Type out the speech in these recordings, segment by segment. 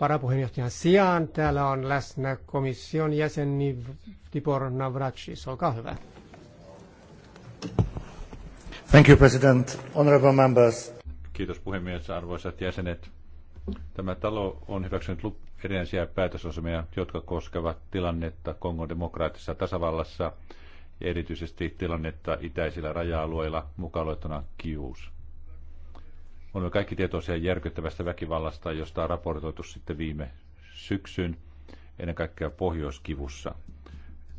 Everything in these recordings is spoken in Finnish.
varapuheenjohtajan sijaan. Täällä on läsnä komission jäseni Tibor Navracsis Olkaa hyvä. Thank you, President. Honorable members. Kiitos puhemies, arvoisat jäsenet. Tämä talo on hyväksynyt erinäisiä päätösosumia, jotka koskevat tilannetta Kongon demokraattisessa tasavallassa ja erityisesti tilannetta itäisillä raja-alueilla, mukaan luettuna Kius olemme kaikki tietoisia järkyttävästä väkivallasta, josta on raportoitu sitten viime syksyn, ennen kaikkea Pohjoiskivussa.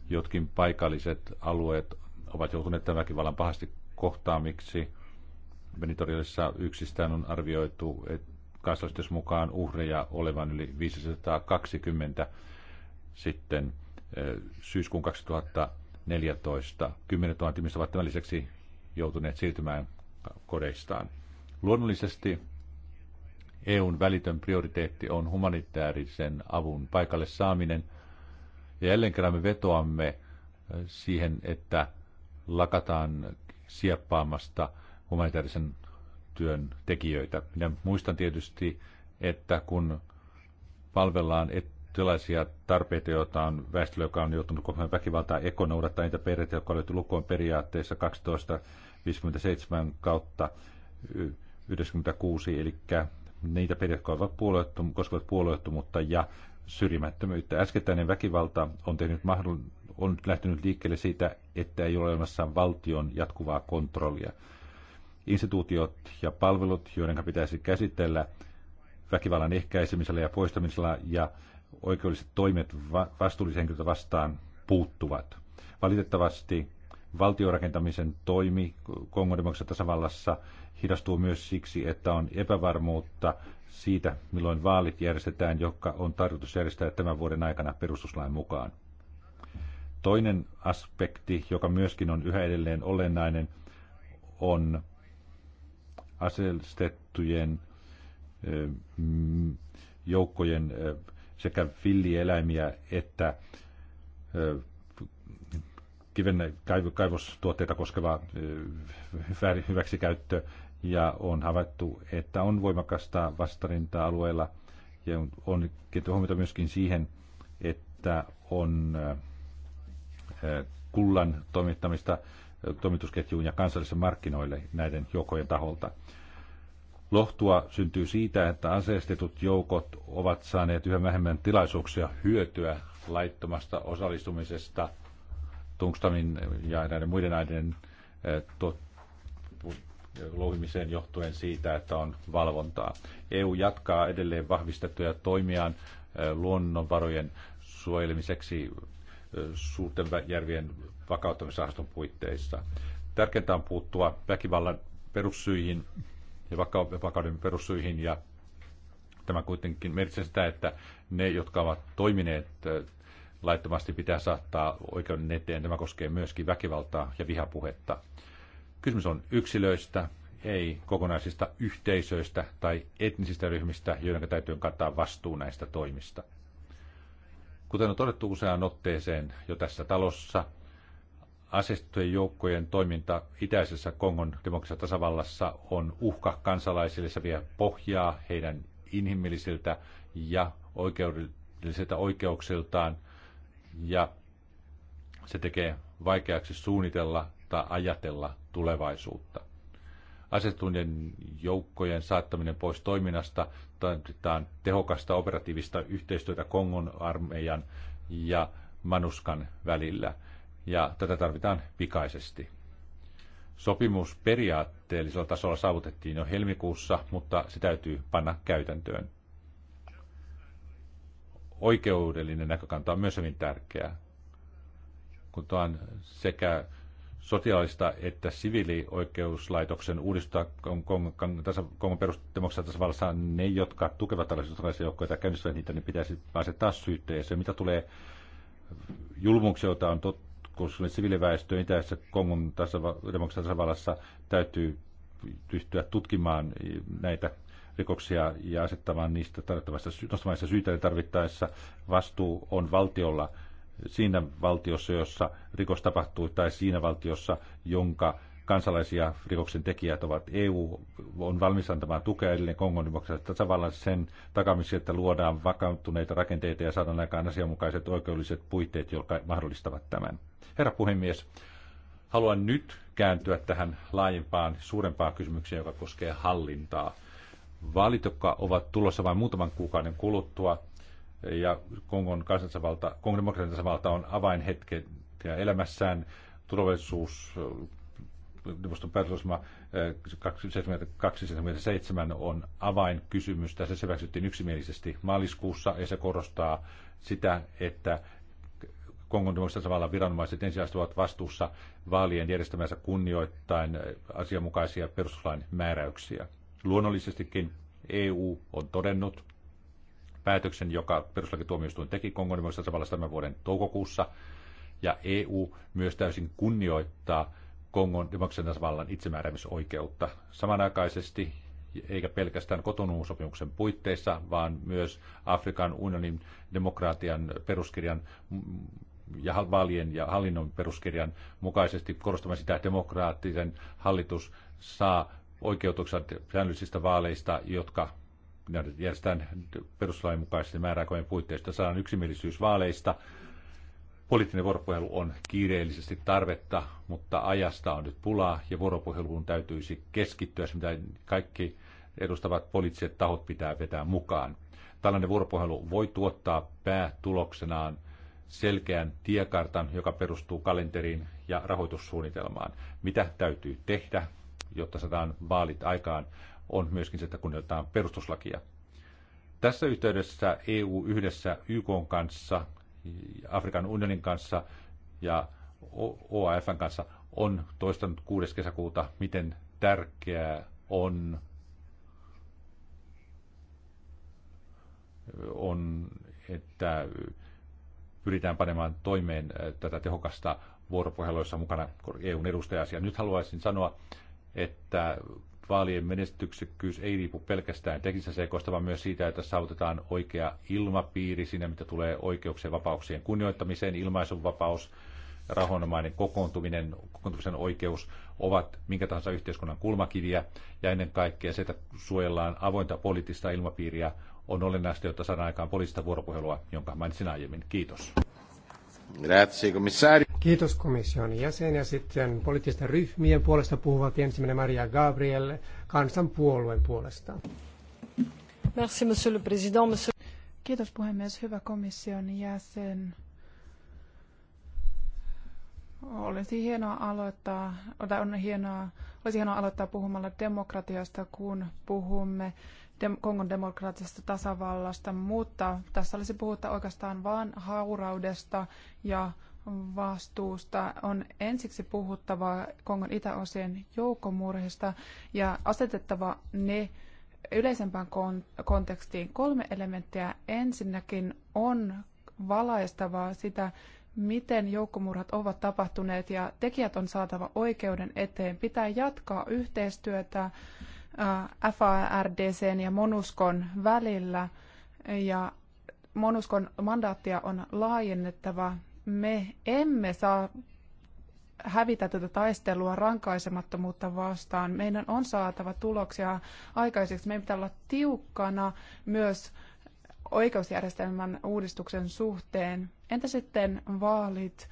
Jotkin paikalliset alueet ovat joutuneet tämän väkivallan pahasti kohtaamiksi. Benitorialissa yksistään on arvioitu, että kansallistus mukaan uhreja olevan yli 520 sitten eh, syyskuun 2014. 10 000 ihmistä ovat tämän lisäksi joutuneet siirtymään kodeistaan. Luonnollisesti EUn välitön prioriteetti on humanitaarisen avun paikalle saaminen. Ja jälleen kerran me vetoamme äh, siihen, että lakataan sieppaamasta humanitaarisen työn tekijöitä. Minä muistan tietysti, että kun palvellaan sellaisia tarpeita, joita on väestö, joka on joutunut kohtaan väkivaltaa, eko noudattaa niitä periaatteita, jotka on lukuun periaatteessa 1257 kautta 1996, eli niitä perheitä, jotka ovat puolueettom- koskevat puolueettomuutta ja syrjimättömyyttä. Äskettäinen väkivalta on, tehnyt mahdoll- on lähtenyt liikkeelle siitä, että ei ole olemassa valtion jatkuvaa kontrollia. Instituutiot ja palvelut, joiden pitäisi käsitellä väkivallan ehkäisemisellä ja poistamisella ja oikeudelliset toimet va- vastuullisen vastaan puuttuvat. Valitettavasti valtiorakentamisen toimi Kongon tasavallassa hidastuu myös siksi, että on epävarmuutta siitä, milloin vaalit järjestetään, jotka on tarkoitus järjestää tämän vuoden aikana perustuslain mukaan. Toinen aspekti, joka myöskin on yhä edelleen olennainen, on aseistettujen joukkojen sekä villieläimiä että kiven kaivostuotteita koskeva eh, hyväksikäyttö ja on havaittu, että on voimakasta vastarintaa alueella ja on kiinnitetty huomiota myöskin siihen, että on eh, eh, kullan toimittamista toimitusketjuun ja kansallisen markkinoille näiden joukkojen taholta. Lohtua syntyy siitä, että aseistetut joukot ovat saaneet yhä vähemmän tilaisuuksia hyötyä laittomasta osallistumisesta – tungstamin ja näiden muiden aineiden eh, louhimiseen johtuen siitä, että on valvontaa. EU jatkaa edelleen vahvistettuja toimiaan eh, luonnonvarojen suojelemiseksi eh, suurten järvien vakauttamisrahaston puitteissa. Tärkeintä on puuttua väkivallan perussyihin ja vakauden perussyihin ja tämä kuitenkin merkitsee sitä, että ne, jotka ovat toimineet laittomasti pitää saattaa oikeuden eteen. Tämä koskee myöskin väkivaltaa ja vihapuhetta. Kysymys on yksilöistä, ei kokonaisista yhteisöistä tai etnisistä ryhmistä, joiden täytyy kantaa vastuu näistä toimista. Kuten on todettu useaan otteeseen jo tässä talossa, asestettujen joukkojen toiminta itäisessä Kongon demokraattisessa tasavallassa on uhka kansalaisille. Se vie pohjaa heidän inhimillisiltä ja oikeudellisilta oikeuksiltaan – ja se tekee vaikeaksi suunnitella tai ajatella tulevaisuutta. Asetunnien joukkojen saattaminen pois toiminnasta tarvitaan tehokasta operatiivista yhteistyötä Kongon armeijan ja Manuskan välillä, ja tätä tarvitaan pikaisesti. Sopimus periaatteellisella tasolla saavutettiin jo helmikuussa, mutta se täytyy panna käytäntöön oikeudellinen näkökanta on myös hyvin tärkeää. Kun tuon sekä sotilaallista että siviilioikeuslaitoksen uudistaa Kongon perusdemokraattisessa tasavallassa ne, jotka tukevat tällaisia sotilaisia joukkoja tai käynnistävät niitä, niin pitäisi taas syytteeseen. Mitä tulee julmuuksia, joita on tot, kun siviiliväestö itäisessä Kongon tasavallassa täytyy pystyä tutkimaan näitä rikoksia ja asettamaan niistä tarvittavasta nostamaista syytä tarvittaessa. Vastuu on valtiolla siinä valtiossa, jossa rikos tapahtuu, tai siinä valtiossa, jonka kansalaisia rikoksen tekijät ovat. EU on valmis antamaan tukea edelleen Kongon demokraattisessa tasavallan sen takamiseksi, että luodaan vakautuneita rakenteita ja saadaan aikaan asianmukaiset oikeudelliset puitteet, jotka mahdollistavat tämän. Herra puhemies, haluan nyt kääntyä tähän laajempaan, suurempaan kysymykseen, joka koskee hallintaa vaalit, jotka ovat tulossa vain muutaman kuukauden kuluttua, ja Kongon, kansansavalta, Kongon demokratian tasavalta on avainhetke ja elämässään turvallisuus neuvoston päätösosma 277 eh, on avainkysymys. Tässä se hyväksyttiin yksimielisesti maaliskuussa ja se korostaa sitä, että Kongon tasavallan viranomaiset ensisijaisesti ovat vastuussa vaalien järjestämänsä kunnioittain asianmukaisia perustuslain määräyksiä. Luonnollisestikin EU on todennut päätöksen, joka perustuslakituomioistuin teki Kongon nimessä tavallaan tämän vuoden toukokuussa, ja EU myös täysin kunnioittaa Kongon demokratian tasavallan itsemääräämisoikeutta. Samanaikaisesti, eikä pelkästään kotonuusopimuksen puitteissa, vaan myös Afrikan unionin demokratian peruskirjan ja vaalien ja hallinnon peruskirjan mukaisesti korostamaan sitä, että demokraattisen hallitus saa oikeutukset säännöllisistä vaaleista, jotka järjestetään perustuslain mukaisesti määräaikojen puitteista, saadaan yksimielisyys vaaleista. Poliittinen vuoropuhelu on kiireellisesti tarvetta, mutta ajasta on nyt pulaa ja vuoropuheluun täytyisi keskittyä, se mitä kaikki edustavat poliittiset tahot pitää vetää mukaan. Tällainen vuoropuhelu voi tuottaa päätuloksenaan selkeän tiekartan, joka perustuu kalenteriin ja rahoitussuunnitelmaan. Mitä täytyy tehdä, jotta saadaan vaalit aikaan, on myöskin se, että kunnioitetaan perustuslakia. Tässä yhteydessä EU yhdessä YK kanssa, Afrikan unionin kanssa ja OAFn kanssa on toistanut 6. kesäkuuta, miten tärkeää on, on että pyritään panemaan toimeen äh, tätä tehokasta vuoropuheluissa mukana EUn edustajasi. Ja nyt haluaisin sanoa, että vaalien menestyksekkyys ei riipu pelkästään teknisistä seikoista, vaan myös siitä, että saavutetaan oikea ilmapiiri siinä, mitä tulee oikeuksien vapauksien kunnioittamiseen, ilmaisunvapaus, rahoinomainen kokoontuminen, kokoontumisen oikeus ovat minkä tahansa yhteiskunnan kulmakiviä ja ennen kaikkea se, että suojellaan avointa poliittista ilmapiiriä on olennaista, jotta saadaan aikaan poliittista vuoropuhelua, jonka mainitsin aiemmin. Kiitos. Grazie, Kiitos komission jäsen ja sitten poliittisten ryhmien puolesta puhuvat ensimmäinen Maria Gabriel kansanpuolueen puolesta. Merci, monsieur le président. Monsieur... Kiitos puhemies, hyvä komission jäsen. Olisi hienoa aloittaa, tai on hienoa, olisi hienoa aloittaa puhumalla demokratiasta, kun puhumme Kongon demokraattisesta tasavallasta, mutta tässä olisi puhuta oikeastaan vain hauraudesta ja vastuusta. On ensiksi puhuttava Kongon itäosien joukkomurhista ja asetettava ne yleisempään kontekstiin. Kolme elementtiä. Ensinnäkin on valaistavaa sitä, miten joukkomurhat ovat tapahtuneet ja tekijät on saatava oikeuden eteen. Pitää jatkaa yhteistyötä Äh, FARDC ja Monuskon välillä ja Monuskon mandaattia on laajennettava. Me emme saa hävitä tätä taistelua rankaisemattomuutta vastaan. Meidän on saatava tuloksia aikaiseksi. Meidän pitää olla tiukkana myös oikeusjärjestelmän uudistuksen suhteen. Entä sitten vaalit?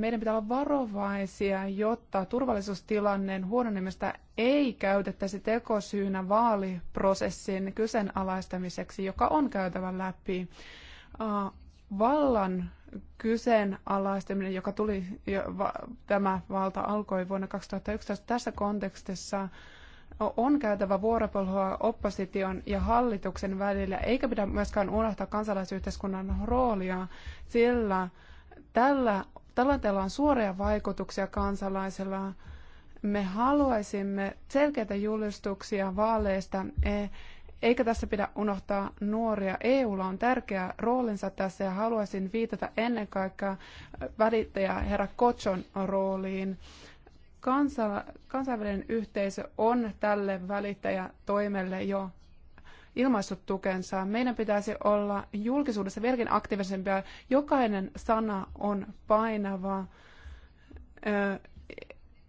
meidän pitää olla varovaisia, jotta turvallisuustilanneen huononemista ei käytettäisi tekosyynä vaaliprosessin kyseenalaistamiseksi, joka on käytävä läpi. Vallan kyseenalaistaminen, joka tuli, tämä valta alkoi vuonna 2011 tässä kontekstissa, on käytävä vuoropuhelua opposition ja hallituksen välillä, eikä pidä myöskään unohtaa kansalaisyhteiskunnan roolia, sillä tällä on suoria vaikutuksia kansalaisilla. Me haluaisimme selkeitä julistuksia vaaleista, e, eikä tässä pidä unohtaa nuoria. EUlla on tärkeä roolinsa tässä ja haluaisin viitata ennen kaikkea välittäjä herra Kotson rooliin. Kansa, kansainvälinen yhteisö on tälle välittäjätoimelle jo ilmaissut tukensa. Meidän pitäisi olla julkisuudessa vieläkin aktiivisempia. Jokainen sana on painava.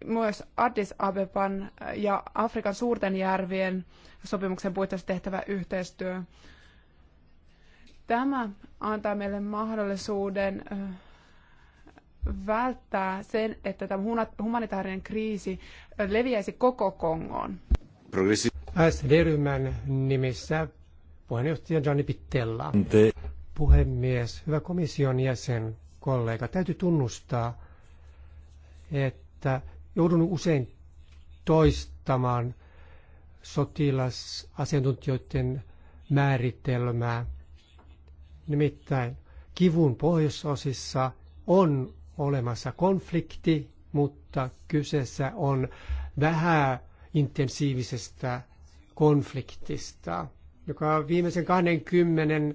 Myös Addis Abeban ja Afrikan suurten järvien sopimuksen puitteissa tehtävä yhteistyö. Tämä antaa meille mahdollisuuden välttää sen, että tämä humanitaarinen kriisi leviäisi koko Kongoon. Progressi- SD-ryhmän nimissä puheenjohtaja Johnny Pittella. Puhemies, hyvä komission jäsen, kollega, täytyy tunnustaa, että joudun usein toistamaan sotilasasiantuntijoiden määritelmää. Nimittäin kivun pohjoisosissa on olemassa konflikti, mutta kyseessä on vähän intensiivisestä konfliktista, joka viimeisen 20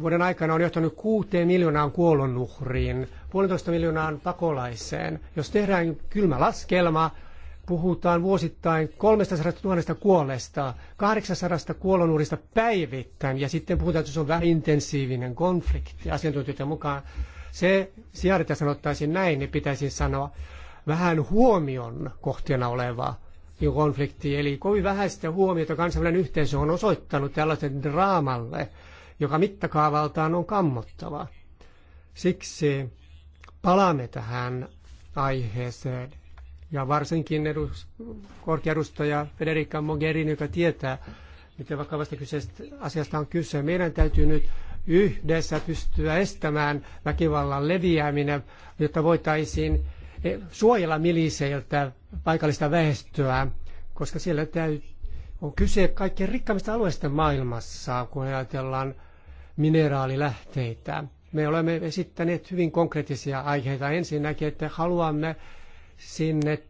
vuoden aikana on johtanut kuuteen miljoonaan kuolonuhriin, puolentoista miljoonaan pakolaiseen. Jos tehdään kylmä laskelma, puhutaan vuosittain 300 000 kuolleesta, 800 kuolonuhrista päivittäin, ja sitten puhutaan, että se on vähän intensiivinen konflikti asiantuntijoiden mukaan. Se sijaan, että sanottaisiin näin, niin pitäisi sanoa vähän huomion kohteena olevaa konflikti, eli kovin vähäistä huomiota kansainvälinen yhteisö on osoittanut tällaisen draamalle, joka mittakaavaltaan on kammottava. Siksi palaamme tähän aiheeseen. Ja varsinkin edus, korkeadustaja Federica Mogherini, joka tietää, miten vakavasta kyseistä asiasta on kyse. Meidän täytyy nyt yhdessä pystyä estämään väkivallan leviäminen, jotta voitaisiin suojella miliseiltä paikallista väestöä, koska siellä on kyse kaikkein rikkaimmista alueista maailmassa, kun ajatellaan mineraalilähteitä. Me olemme esittäneet hyvin konkreettisia aiheita. Ensinnäkin, että haluamme sinne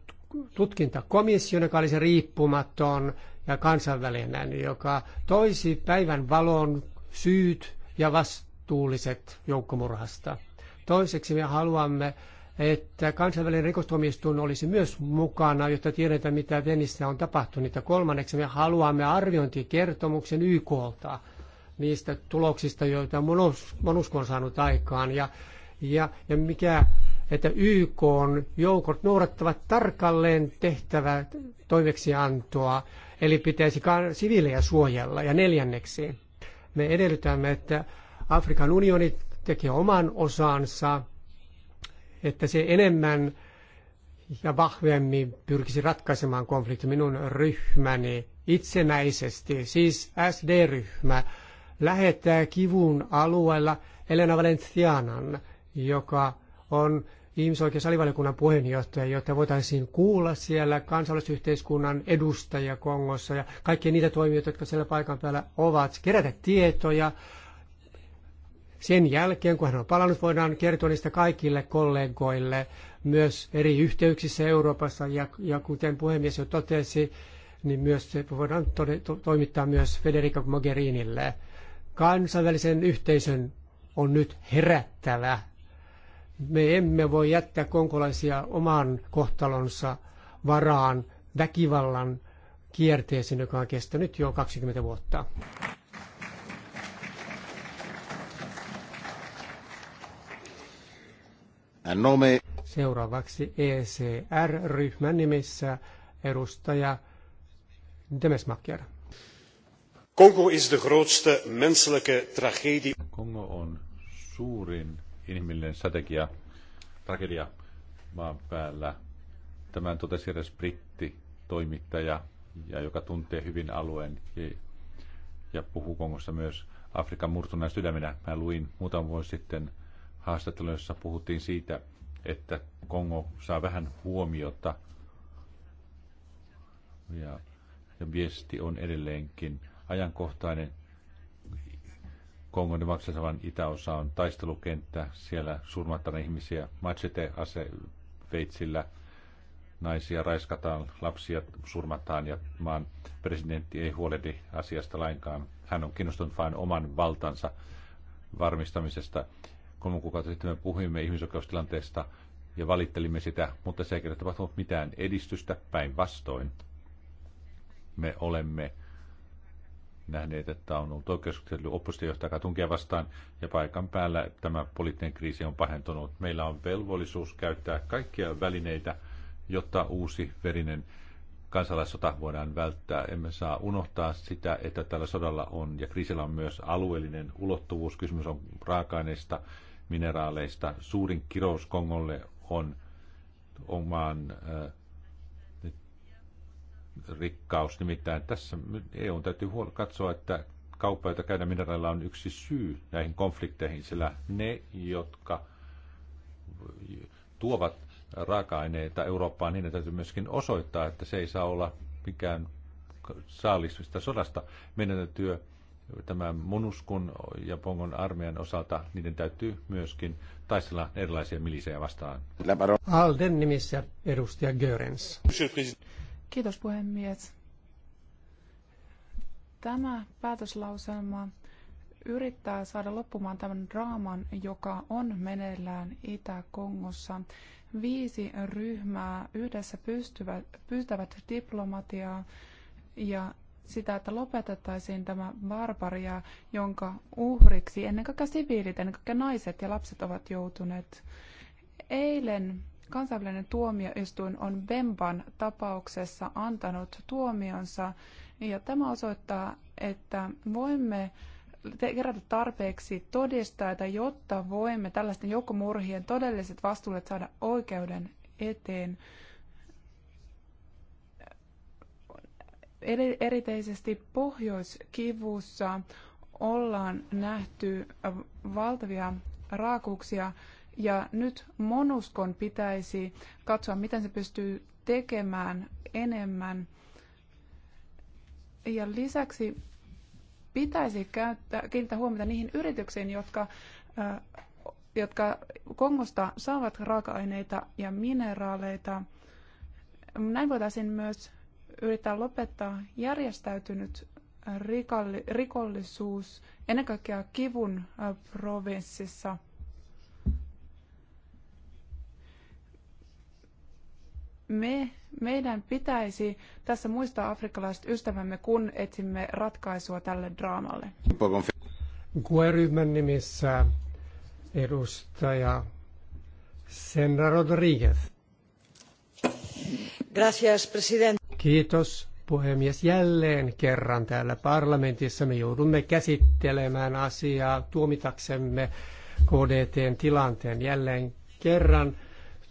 tutkintakomission, joka olisi riippumaton ja kansainvälinen, joka toisi päivän valon syyt ja vastuulliset joukkomurhasta. Toiseksi me haluamme että kansainvälinen rikostuomioistuin olisi myös mukana, jotta tiedetään, mitä Venissä on tapahtunut. Ja kolmanneksi me haluamme arviointikertomuksen YKlta niistä tuloksista, joita Monusko on saanut aikaan. Ja, ja, ja mikä, että YK on joukot noudattavat tarkalleen tehtävää toimeksiantoa, eli pitäisi siviilejä suojella. Ja neljänneksi me edellytämme, että Afrikan unioni tekee oman osansa että se enemmän ja vahvemmin pyrkisi ratkaisemaan konflikti minun ryhmäni itsenäisesti, siis SD-ryhmä, lähettää kivun alueella Elena Valentianan, joka on ihmisoikeusalivaliokunnan puheenjohtaja, jotta voitaisiin kuulla siellä kansalaisyhteiskunnan edustajia Kongossa ja kaikkia niitä toimijoita, jotka siellä paikan päällä ovat, kerätä tietoja, sen jälkeen, kun hän on palannut, voidaan kertoa niistä kaikille kollegoille myös eri yhteyksissä Euroopassa. Ja, ja kuten puhemies jo totesi, niin myös se voidaan to, toimittaa myös Federica Mogherinille. Kansainvälisen yhteisön on nyt herättävä. Me emme voi jättää konkolaisia oman kohtalonsa varaan väkivallan kierteeseen, joka on kestänyt jo 20 vuotta. Nome. Seuraavaksi ECR-ryhmän nimissä edustaja Demesmakker. Kongo is de grootste menselijke tragedie. Kongo on suurin inhimillinen strategia, tragedia maan päällä. Tämän totesi edes britti toimittaja, ja joka tuntee hyvin alueen ja, ja puhuu Kongossa myös Afrikan murtuneena sydäminä. Mä luin muutama vuosi sitten haastattelu, jossa puhuttiin siitä, että Kongo saa vähän huomiota. Ja, ja viesti on edelleenkin ajankohtainen. Kongon maksasavan itäosa on taistelukenttä. Siellä surmataan ihmisiä machete-aseveitsillä. Naisia raiskataan, lapsia surmataan ja maan presidentti ei huolehdi asiasta lainkaan. Hän on kiinnostunut vain oman valtansa varmistamisesta Kolme kuukautta sitten me puhuimme ihmisoikeustilanteesta ja valittelimme sitä, mutta se ei ole tapahtunut mitään edistystä päinvastoin. Me olemme nähneet, että on ollut oikeuskeskustelu oppositiojohtaja tunkia vastaan ja paikan päällä tämä poliittinen kriisi on pahentunut. Meillä on velvollisuus käyttää kaikkia välineitä, jotta uusi verinen kansalaissota voidaan välttää. Emme saa unohtaa sitä, että tällä sodalla on ja kriisillä on myös alueellinen ulottuvuus. Kysymys on raaka-aineista, mineraaleista. Suurin kirous Kongolle on omaan äh, rikkaus. Nimittäin tässä EU täytyy huol- katsoa, että kauppa, jota käydään mineraaleilla, on yksi syy näihin konflikteihin, sillä ne, jotka tuovat raaka-aineita Eurooppaan, niin ne täytyy myöskin osoittaa, että se ei saa olla mikään saalisvista sodasta. Meidän täytyy Tämä Monuskun ja Pongon armeijan osalta niiden täytyy myöskin taistella erilaisia milisejä vastaan. Alden nimissä edustaja Görens. Kiitos puhemies. Tämä päätöslauselma yrittää saada loppumaan tämän draaman, joka on meneillään Itä-Kongossa. Viisi ryhmää yhdessä pystyvät, pyytävät diplomatiaa ja sitä, että lopetettaisiin tämä barbaria, jonka uhriksi ennen kaikkea siviilit, ennen kaikkea naiset ja lapset ovat joutuneet. Eilen kansainvälinen tuomioistuin on Vemban tapauksessa antanut tuomionsa, ja tämä osoittaa, että voimme kerätä tarpeeksi todistajia, jotta voimme tällaisten joukkomurhien todelliset vastuullet saada oikeuden eteen. erityisesti Pohjoiskivussa ollaan nähty valtavia raakuuksia ja nyt Monuskon pitäisi katsoa, miten se pystyy tekemään enemmän. Ja lisäksi pitäisi käyttää, kiinnittää huomiota niihin yrityksiin, jotka, äh, jotka Kongosta saavat raaka-aineita ja mineraaleita. Näin voitaisiin myös yritetään lopettaa järjestäytynyt rikollisuus ennen kaikkea kivun provinssissa. Me, meidän pitäisi tässä muistaa afrikkalaiset ystävämme, kun etsimme ratkaisua tälle draamalle. Kueryhmän nimissä edustaja Senra Rodriguez. Gracias, presidente. Kiitos puhemies. Jälleen kerran täällä parlamentissa me joudumme käsittelemään asiaa tuomitaksemme KDTn tilanteen. Jälleen kerran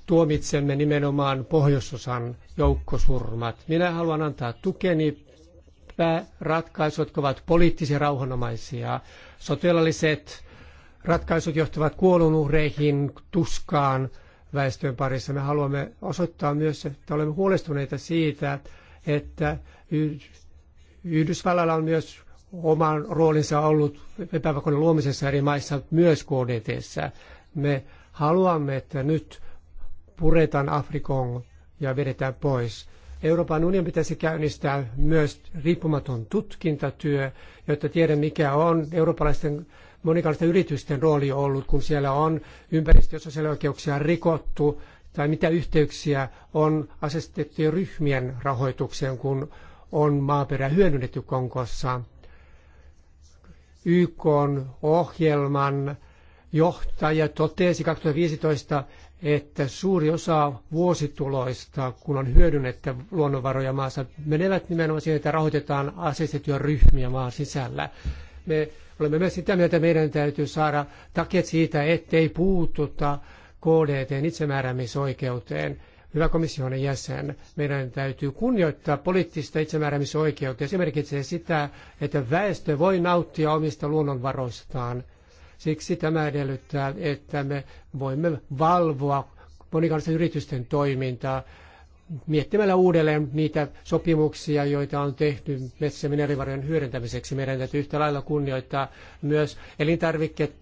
tuomitsemme nimenomaan pohjoisosan joukkosurmat. Minä haluan antaa tukeni ratkaisut, jotka ovat poliittisia rauhanomaisia. Sotilaalliset ratkaisut johtavat kuolonuhreihin, tuskaan väestön parissa. Me haluamme osoittaa myös, että olemme huolestuneita siitä, että että Yhdysvalloilla on myös oman roolinsa ollut epävakauden luomisessa eri maissa myös KDT. Me haluamme, että nyt puretaan Afrikon ja vedetään pois. Euroopan unionin pitäisi käynnistää myös riippumaton tutkintatyö, jotta tiedä mikä on eurooppalaisten monikansallisten yritysten rooli ollut, kun siellä on ympäristö- ja sosiaalioikeuksia rikottu tai mitä yhteyksiä on asetettujen ryhmien rahoitukseen, kun on maaperä hyödynnetty Kongossa. YK ohjelman johtaja totesi 2015, että suuri osa vuosituloista, kun on hyödynnetty luonnonvaroja maassa, menevät nimenomaan siihen, että rahoitetaan aseistettuja ryhmiä maan sisällä. Me olemme myös sitä mieltä, että meidän täytyy saada taket siitä, ettei puututa KDTn itsemääräämisoikeuteen. Hyvä komission jäsen, meidän täytyy kunnioittaa poliittista itsemääräämisoikeutta. Se merkitsee sitä, että väestö voi nauttia omista luonnonvaroistaan. Siksi tämä edellyttää, että me voimme valvoa monikansallisten yritysten toimintaa miettimällä uudelleen niitä sopimuksia, joita on tehty metsä- ja hyödyntämiseksi. Meidän täytyy yhtä lailla kunnioittaa myös elintarvikkeet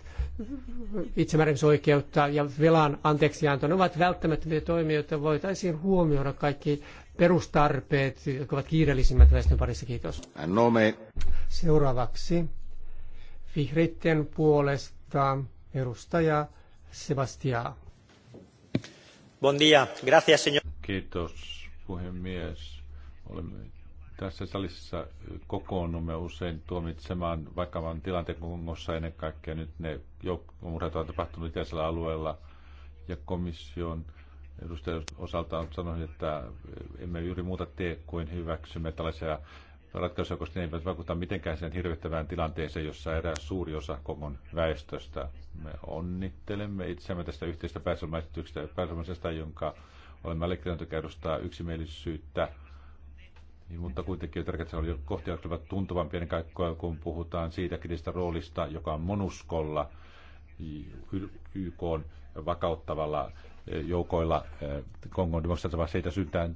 itsemääräämisoikeutta ja velan anteeksianto, ne ovat välttämättömiä toimia, joita voitaisiin huomioida kaikki perustarpeet, jotka ovat kiireellisimmät väestön parissa. Kiitos. Seuraavaksi vihreiden puolesta edustaja Sebastian. Bon dia. Gracias, señor. Kiitos, puhemies. Olemme tässä salissa kokoonnumme usein tuomitsemaan vakavan tilanteen Kongossa ennen kaikkea nyt ne joukkomurhat ovat tapahtunut itäisellä alueella ja komission edustajan osalta on sanonut, että emme juuri muuta tee kuin hyväksymme tällaisia ratkaisuja, koska ne eivät vaikuta mitenkään sen hirvittävään tilanteeseen, jossa eräs suuri osa Kongon väestöstä. Me onnittelemme itseämme tästä yhteistä pääselmäisyydestä, jonka olemme allekirjoittaneet edustaa yksimielisyyttä niin, mutta kuitenkin on tärkeää, että oli kohti tuntuvan pieni kaikkoa, kun puhutaan siitä kriittisestä roolista, joka on Monuskolla, YK on vakauttavalla eh, joukoilla eh, Kongon demokratiassa, siitä syntään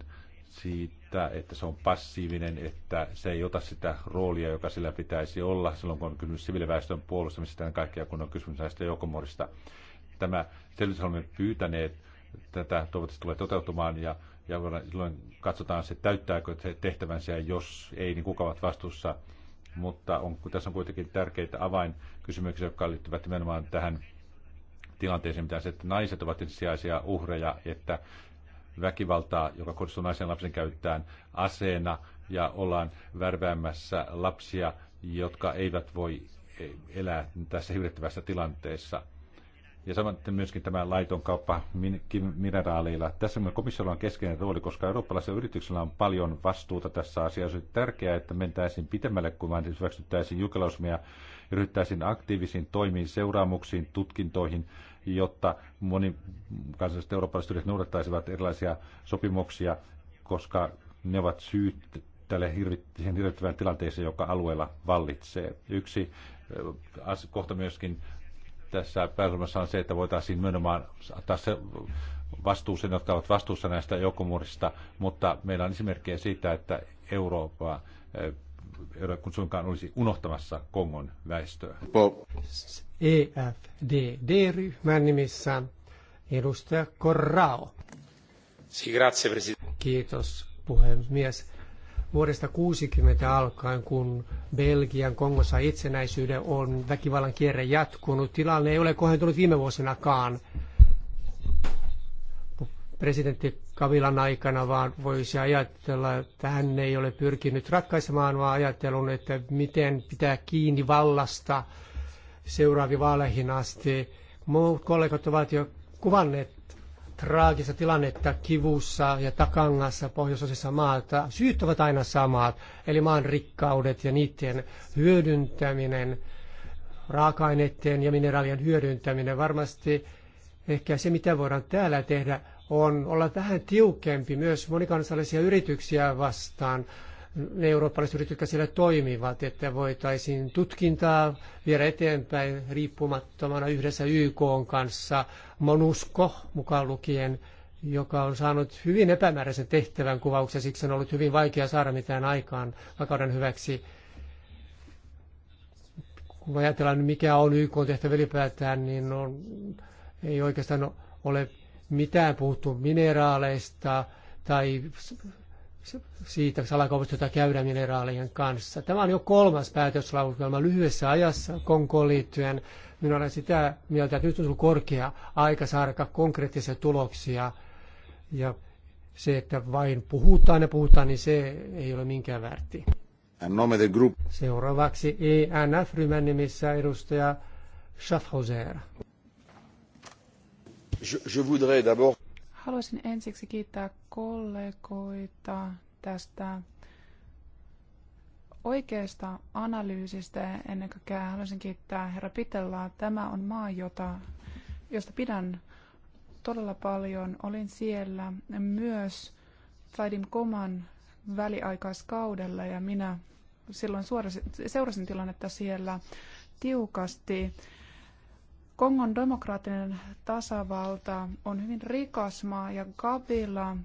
siitä, että se on passiivinen, että se ei ota sitä roolia, joka sillä pitäisi olla silloin, kun on kysymys siviiliväestön puolustamisesta ja kaikkea, kun on kysymys näistä joukomuodista. Tämä selvitys olemme pyytäneet, tätä toivottavasti tulee toteutumaan ja ja silloin katsotaan se, täyttääkö se tehtävänsä ja jos ei, niin kuka ovat vastuussa. Mutta on, tässä on kuitenkin tärkeitä avainkysymyksiä, jotka liittyvät nimenomaan tähän tilanteeseen, mitä se, että naiset ovat ensisijaisia uhreja, että väkivaltaa, joka kohdistuu naisen lapsen käyttään aseena ja ollaan värväämässä lapsia, jotka eivät voi e- elää tässä hirvittävässä tilanteessa – ja samaten myöskin tämä laiton kauppa mineraaleilla. Tässä me komissiolla on keskeinen rooli, koska eurooppalaisilla yrityksillä on paljon vastuuta tässä asiassa. On tärkeää, että mentäisiin pitemmälle, kun vain hyväksyttäisiin julkilausumia ja ryhtäisiin aktiivisiin toimiin, seuraamuksiin, tutkintoihin, jotta moni kansalliset eurooppalaiset yritykset noudattaisivat erilaisia sopimuksia, koska ne ovat syyt tälle hirvittävän tilanteeseen, joka alueella vallitsee. Yksi kohta myöskin tässä pääsemässä on se, että voitaisiin nimenomaan antaa se sen, jotka ovat vastuussa näistä joukkomurista, mutta meillä on esimerkkejä siitä, että Eurooppa kun eh, suinkaan olisi unohtamassa Kongon väestöä. EFDD-ryhmän nimissä edustaja korrao. Kiitos puhemies vuodesta 60 alkaen, kun Belgian Kongossa itsenäisyyden on väkivallan kierre jatkunut. Tilanne ei ole kohentunut viime vuosinakaan presidentti Kavilan aikana, vaan voisi ajatella, että hän ei ole pyrkinyt ratkaisemaan, vaan ajattelun, että miten pitää kiinni vallasta seuraaviin vaaleihin asti. Muut kollegat ovat jo kuvanneet traagista tilannetta kivussa ja takangassa pohjoisosissa maata. Syyt ovat aina samat, eli maan rikkaudet ja niiden hyödyntäminen, raaka-aineiden ja mineraalien hyödyntäminen. Varmasti ehkä se, mitä voidaan täällä tehdä, on olla vähän tiukempi myös monikansallisia yrityksiä vastaan, eurooppalaiset yritykset siellä toimivat, että voitaisiin tutkintaa viedä eteenpäin riippumattomana yhdessä YK kanssa, Monusko mukaan lukien, joka on saanut hyvin epämääräisen tehtävän kuvauksen, siksi on ollut hyvin vaikea saada mitään aikaan vakauden hyväksi. Kun ajatellaan, mikä on YK tehtävä ylipäätään, niin on, ei oikeastaan ole mitään puhuttu mineraaleista tai siitä salakaupasta, jota käydään mineraalien kanssa. Tämä on jo kolmas päätöslauselma lyhyessä ajassa Konkoon liittyen. Minä olen sitä mieltä, että nyt on ollut korkea aika saada konkreettisia tuloksia. Ja se, että vain puhutaan ja puhutaan, niin se ei ole minkään väärti. Seuraavaksi ENF-ryhmän nimissä edustaja Schaffhauser. Je, je voudrais d'abord Haluaisin ensiksi kiittää kollegoita tästä oikeasta analyysistä. Ennen kaikkea haluaisin kiittää herra Pitellaa. Tämä on maa, jota, josta pidän todella paljon. Olin siellä myös Fadim Koman väliaikaiskaudella ja minä silloin suora, seurasin tilannetta siellä tiukasti. Kongon demokraattinen tasavalta on hyvin rikas maa ja Kabila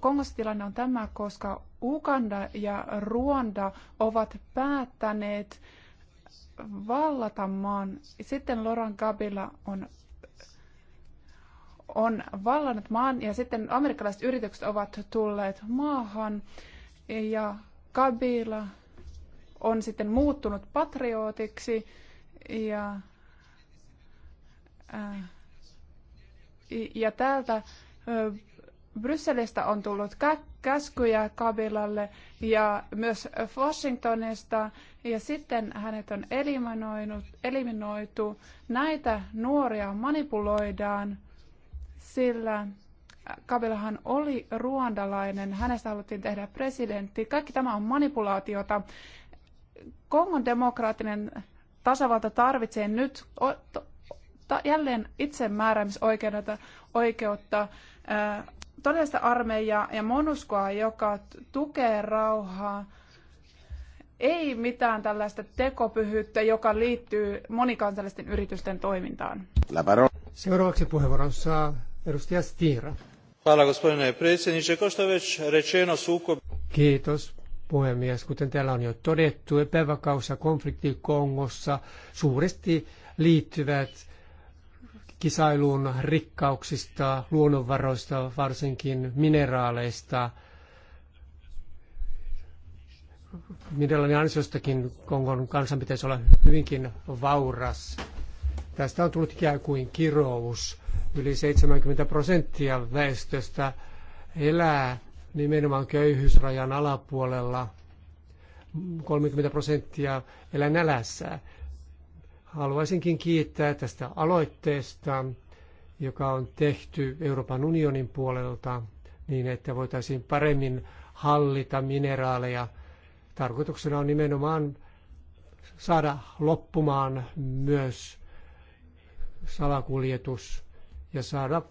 Kongossa tilanne on tämä, koska Uganda ja Ruanda ovat päättäneet vallata maan. Sitten Loran Kabila on, on vallannut maan ja sitten amerikkalaiset yritykset ovat tulleet maahan ja Kabila on sitten muuttunut patriotiksi ja, äh, ja täältä Brysselistä on tullut käskyjä Kabilalle ja myös Washingtonista ja sitten hänet on eliminoitu. Näitä nuoria manipuloidaan, sillä Kabilahan oli ruandalainen, hänestä haluttiin tehdä presidentti. Kaikki tämä on manipulaatiota. Kongon demokraattinen tasavalta tarvitsee nyt jälleen itsemääräämisoikeutta oikeutta, todellista armeijaa ja monuskoa, joka tukee rauhaa, ei mitään tällaista tekopyhyyttä, joka liittyy monikansallisten yritysten toimintaan. Seuraavaksi puheenvuoron saa edustaja Stiira gospodine predsjedniče. Kao što već rečeno sukob... Kiitos puhemies. Kuten täällä on jo todettu, epävakaus ja konflikti Kongossa suuresti liittyvät kisailuun rikkauksista, luonnonvaroista, varsinkin mineraaleista. Mineraalien ansiostakin Kongon kansan pitäisi olla hyvinkin vauras Tästä on tullut ikään kuin kirous. Yli 70 prosenttia väestöstä elää nimenomaan köyhyysrajan alapuolella. 30 prosenttia elää nälässä. Haluaisinkin kiittää tästä aloitteesta, joka on tehty Euroopan unionin puolelta niin, että voitaisiin paremmin hallita mineraaleja. Tarkoituksena on nimenomaan saada loppumaan myös salakuljetus ja saada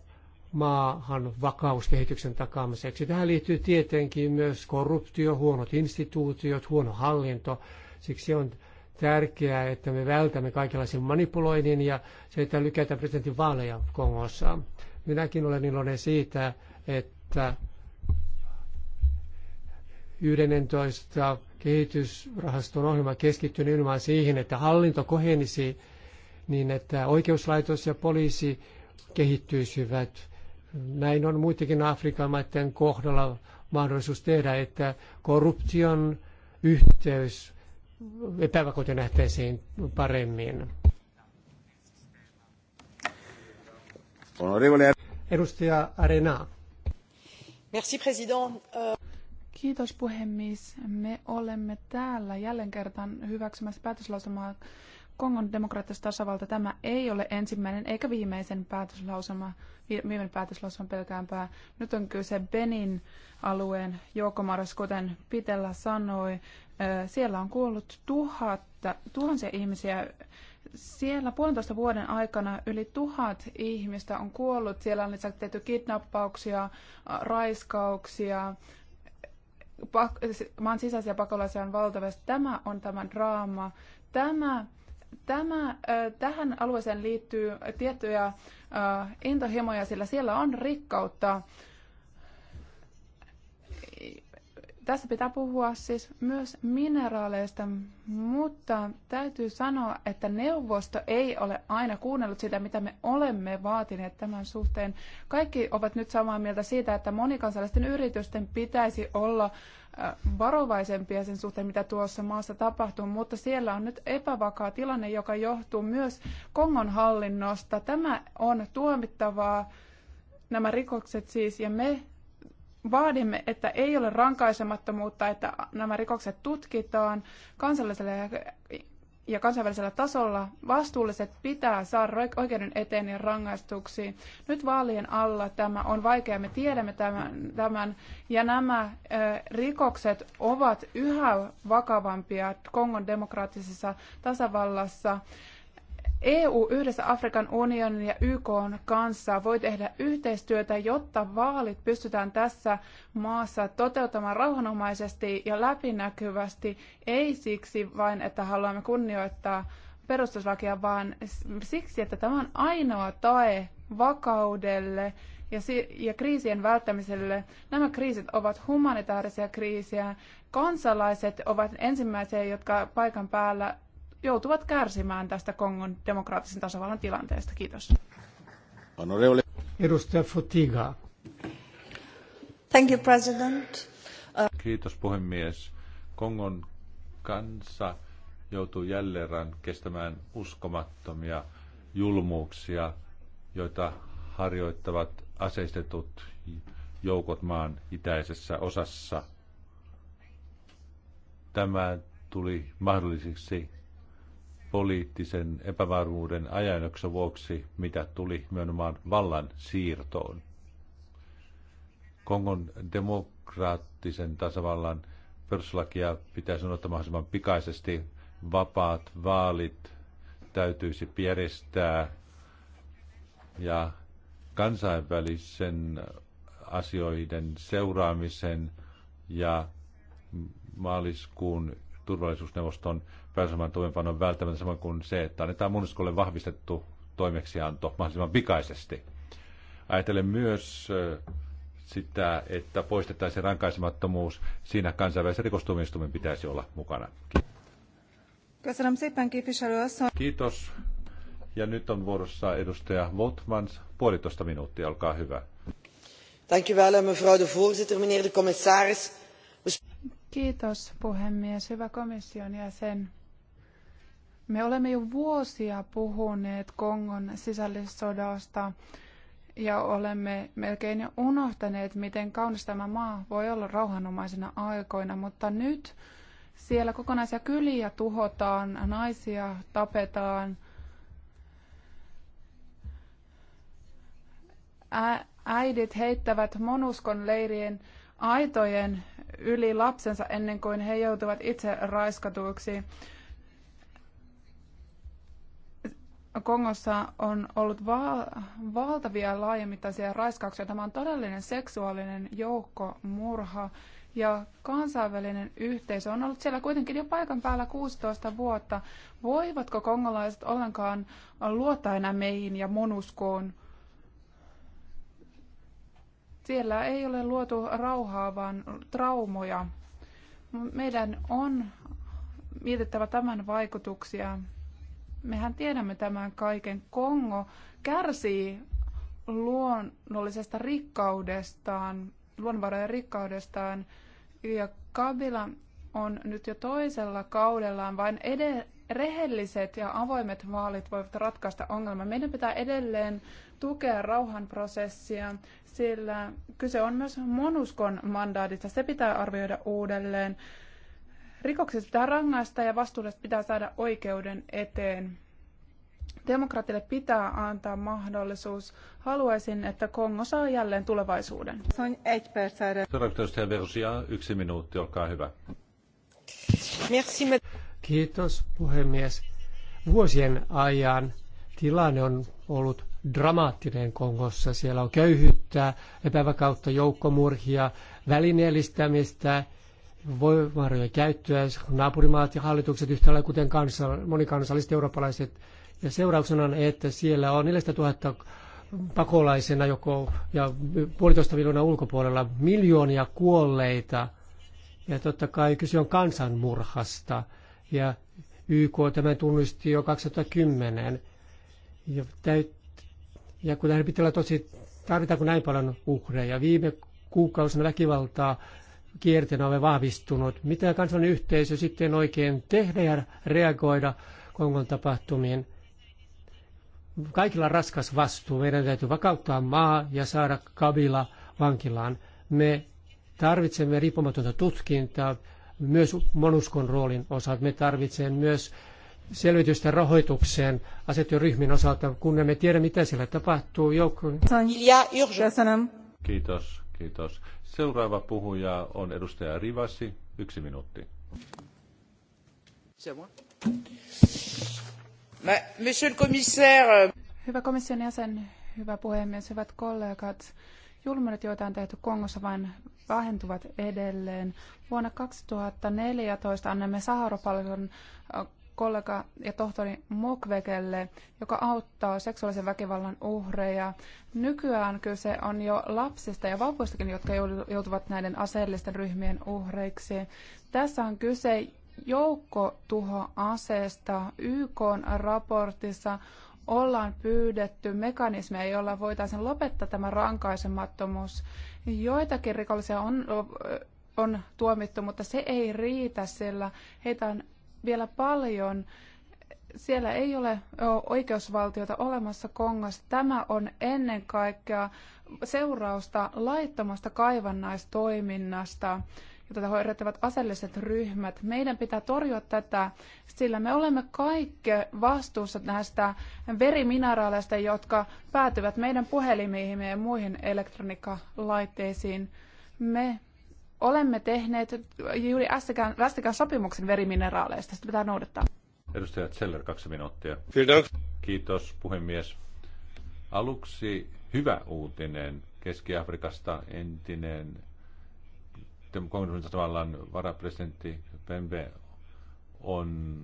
maahan vakauskehityksen takaamiseksi. Tähän liittyy tietenkin myös korruptio, huonot instituutiot, huono hallinto. Siksi on tärkeää, että me vältämme kaikenlaisen manipuloinnin ja se, että lykätään presidentin vaaleja Kongossa. Minäkin olen iloinen siitä, että 11 kehitysrahaston ohjelma keskittyy nimenomaan siihen, että hallinto kohenisi niin että oikeuslaitos ja poliisi kehittyisivät. Näin on muitakin Afrikan maiden kohdalla mahdollisuus tehdä, että korruption yhteys epävakoita nähtäisiin paremmin. Edustaja Arena. Merci, president. Euh- Kiitos puhemies. Me olemme täällä jälleen kertaan hyväksymässä päätöslausumaa Kongon demokraattista tasavalta tämä ei ole ensimmäinen eikä viimeisen päätöslausema, viimeinen päätöslausema pelkäänpää. Nyt on kyse Benin alueen joukomaras, kuten Pitellä sanoi. Siellä on kuollut tuhatta, tuhansia ihmisiä. Siellä puolentoista vuoden aikana yli tuhat ihmistä on kuollut. Siellä on lisäksi tehty kidnappauksia, raiskauksia, pak- maan sisäisiä pakolaisia on valtavasti. Tämä on tämä draama. Tämä Tämä, tähän alueeseen liittyy tiettyjä intohimoja, sillä siellä on rikkautta. Tässä pitää puhua siis myös mineraaleista, mutta täytyy sanoa, että neuvosto ei ole aina kuunnellut sitä, mitä me olemme vaatineet tämän suhteen. Kaikki ovat nyt samaa mieltä siitä, että monikansallisten yritysten pitäisi olla varovaisempia sen suhteen, mitä tuossa maassa tapahtuu, mutta siellä on nyt epävakaa tilanne, joka johtuu myös Kongon hallinnosta. Tämä on tuomittavaa, nämä rikokset siis, ja me vaadimme, että ei ole rankaisemattomuutta, että nämä rikokset tutkitaan kansallisella ja kansainvälisellä tasolla. Vastuulliset pitää saada oikeuden eteen ja rangaistuksiin. Nyt vaalien alla tämä on vaikea, me tiedämme tämän, tämän ja nämä rikokset ovat yhä vakavampia Kongon demokraattisessa tasavallassa. EU yhdessä Afrikan unionin ja YK kanssa voi tehdä yhteistyötä, jotta vaalit pystytään tässä maassa toteuttamaan rauhanomaisesti ja läpinäkyvästi, ei siksi vain, että haluamme kunnioittaa perustuslakia, vaan siksi, että tämä on ainoa tae vakaudelle ja, ja kriisien välttämiselle. Nämä kriisit ovat humanitaarisia kriisejä. Kansalaiset ovat ensimmäisiä, jotka paikan päällä joutuvat kärsimään tästä Kongon demokraattisen tasavallan tilanteesta. Kiitos. Honorable. Edustaja Fotiga. Thank you, President. Uh, Kiitos puhemies. Kongon kansa joutuu jälleen kestämään uskomattomia julmuuksia, joita harjoittavat aseistetut joukot maan itäisessä osassa. Tämä tuli mahdolliseksi poliittisen epävarmuuden ajanjakson vuoksi, mitä tuli nimenomaan vallan siirtoon. Kongon demokraattisen tasavallan perustuslakia sanoa, että mahdollisimman pikaisesti. Vapaat vaalit täytyisi järjestää ja kansainvälisen asioiden seuraamisen ja maaliskuun turvallisuusneuvoston pääsemään toimeenpanon välttämättä sama kuin se, että annetaan Monskolle vahvistettu toimeksianto mahdollisimman pikaisesti. Ajattelen myös sitä, että poistettaisiin rankaisemattomuus. Siinä kansainvälisen rikostuomioistuimen pitäisi olla mukana. Kiitos. Kiitos. Ja nyt on vuorossa edustaja Votmans. Puolitoista minuuttia, olkaa hyvä. Dank u wel, mevrouw de voorzitter, meneer de commissaris. Kiitos puhemies, hyvä komission jäsen. Me olemme jo vuosia puhuneet Kongon sisällissodasta ja olemme melkein jo unohtaneet, miten kaunis tämä maa voi olla rauhanomaisina aikoina, mutta nyt siellä kokonaisia kyliä tuhotaan, naisia tapetaan, äidit heittävät monuskon leirien aitojen yli lapsensa ennen kuin he joutuvat itse raiskatuiksi. Kongossa on ollut val- valtavia laajamittaisia raiskauksia. Tämä on todellinen seksuaalinen joukkomurha ja kansainvälinen yhteisö on ollut siellä kuitenkin jo paikan päällä 16 vuotta. Voivatko kongolaiset ollenkaan luottaa enää meihin ja monuskoon? Siellä ei ole luotu rauhaa, vaan traumoja. Meidän on mietittävä tämän vaikutuksia. Mehän tiedämme tämän kaiken. Kongo kärsii luonnollisesta rikkaudestaan, luonnonvarojen rikkaudestaan. Ja Kabila on nyt jo toisella kaudellaan vain ede- rehelliset ja avoimet vaalit voivat ratkaista ongelman. Meidän pitää edelleen tukea rauhanprosessia, sillä kyse on myös Monuskon mandaatista. Se pitää arvioida uudelleen. Rikoksista pitää rangaista ja vastuulliset pitää saada oikeuden eteen. Demokratille pitää antaa mahdollisuus. Haluaisin, että Kongo saa jälleen tulevaisuuden. Se on Yksi minuutti, olkaa hyvä. Merci, Kiitos puhemies. Vuosien ajan tilanne on ollut dramaattinen Kongossa. Siellä on köyhyyttä, epävakautta, joukkomurhia, välineellistämistä, voimavarojen käyttöä, naapurimaat ja hallitukset yhtä lailla kuten kansal- monikansalliset eurooppalaiset. Ja seurauksena on, että siellä on 4000 pakolaisena joko ja puolitoista miljoonaa ulkopuolella miljoonia kuolleita. Ja totta kai kyse on kansanmurhasta ja YK tämän tunnisti jo 2010. Ja, täyt, ja kun tähän pitää olla tosi, tarvitaanko näin paljon uhreja. Viime kuukausina väkivaltaa kierteenä on vahvistunut. Mitä kansallinen yhteisö sitten oikein tehdä ja reagoida Kongon tapahtumiin? Kaikilla on raskas vastuu. Meidän täytyy vakauttaa maa ja saada Kabila vankilaan. Me tarvitsemme riippumatonta tutkintaa, myös Monuskon roolin osalta. Me tarvitsemme myös selvitystä rahoitukseen asetioryhmien osalta, kun emme tiedä, mitä siellä tapahtuu. Jouk- Kiitos, kiitos. Seuraava puhuja on edustaja Rivasi. Yksi minuutti. Euh, hyvä komission jäsen, hyvä puhemies, hyvät kollegat. Julmuudet, joita on tehty Kongossa, vain vähentyvät edelleen. Vuonna 2014 annamme Saharopalkinnon äh, kollega ja tohtori Mukwegelle, joka auttaa seksuaalisen väkivallan uhreja. Nykyään kyse on jo lapsista ja vauvoistakin, jotka joutuvat näiden aseellisten ryhmien uhreiksi. Tässä on kyse joukkotuhoaseesta. YK raportissa ollaan pyydetty mekanismeja, joilla voitaisiin lopettaa tämä rankaisemattomuus. Joitakin rikollisia on, on tuomittu, mutta se ei riitä, sillä heitä on vielä paljon. Siellä ei ole oikeusvaltiota olemassa Kongossa. Tämä on ennen kaikkea seurausta laittomasta kaivannaistoiminnasta jota hoidettavat aseelliset ryhmät. Meidän pitää torjua tätä, sillä me olemme kaikki vastuussa näistä verimineraaleista, jotka päätyvät meidän puhelimiimme ja muihin elektroniikkalaitteisiin. Me olemme tehneet juuri ästekään, sopimuksen verimineraaleista. Sitä pitää noudattaa. Edustaja Zeller, kaksi minuuttia. Kiitos. Kiitos, puhemies. Aluksi hyvä uutinen Keski-Afrikasta entinen Kommunismin tavallaan varapresidentti Pembe on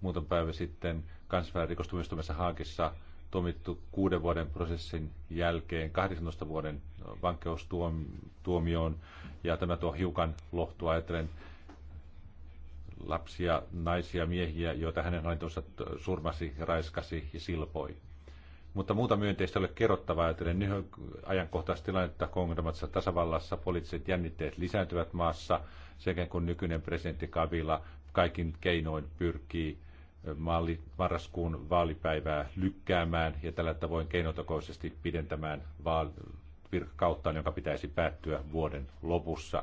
muutama päivä sitten kansainvälirikostumistumessa Haagissa tuomittu kuuden vuoden prosessin jälkeen 18 vuoden vankeustuomioon. Ja tämä tuo hiukan lohtua ajatellen lapsia, naisia, miehiä, joita hänen hallintonsa surmasi, raiskasi ja silpoi mutta muuta myönteistä ole kerrottavaa ajatellen niin ajankohtaistilannetta Kongodomassa tasavallassa. Poliittiset jännitteet lisääntyvät maassa sekä kun nykyinen presidentti Kavila kaikin keinoin pyrkii maali, marraskuun vaalipäivää lykkäämään ja tällä tavoin keinotokoisesti pidentämään vaal- virkakauttaan, jonka pitäisi päättyä vuoden lopussa.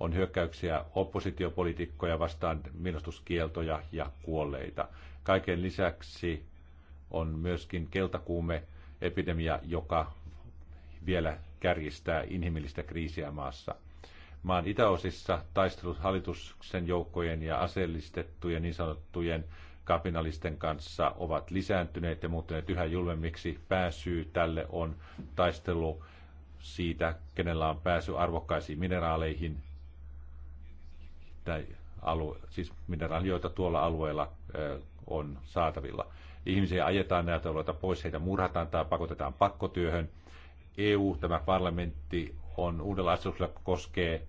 On hyökkäyksiä oppositiopolitiikkoja vastaan, minustuskieltoja ja kuolleita. Kaiken lisäksi on myöskin keltakuume epidemia, joka vielä kärjistää inhimillistä kriisiä maassa. Maan itäosissa taistelut hallituksen joukkojen ja aseellistettujen niin sanottujen kapinallisten kanssa ovat lisääntyneet ja muuttuneet yhä julmemmiksi. Pääsyy tälle on taistelu siitä, kenellä on pääsy arvokkaisiin mineraaleihin, tai alue, siis mineraali, joita tuolla alueella on saatavilla ihmisiä ajetaan näitä alueilta pois, heitä murhataan tai pakotetaan pakkotyöhön. EU, tämä parlamentti, on uudella asetuksella koskee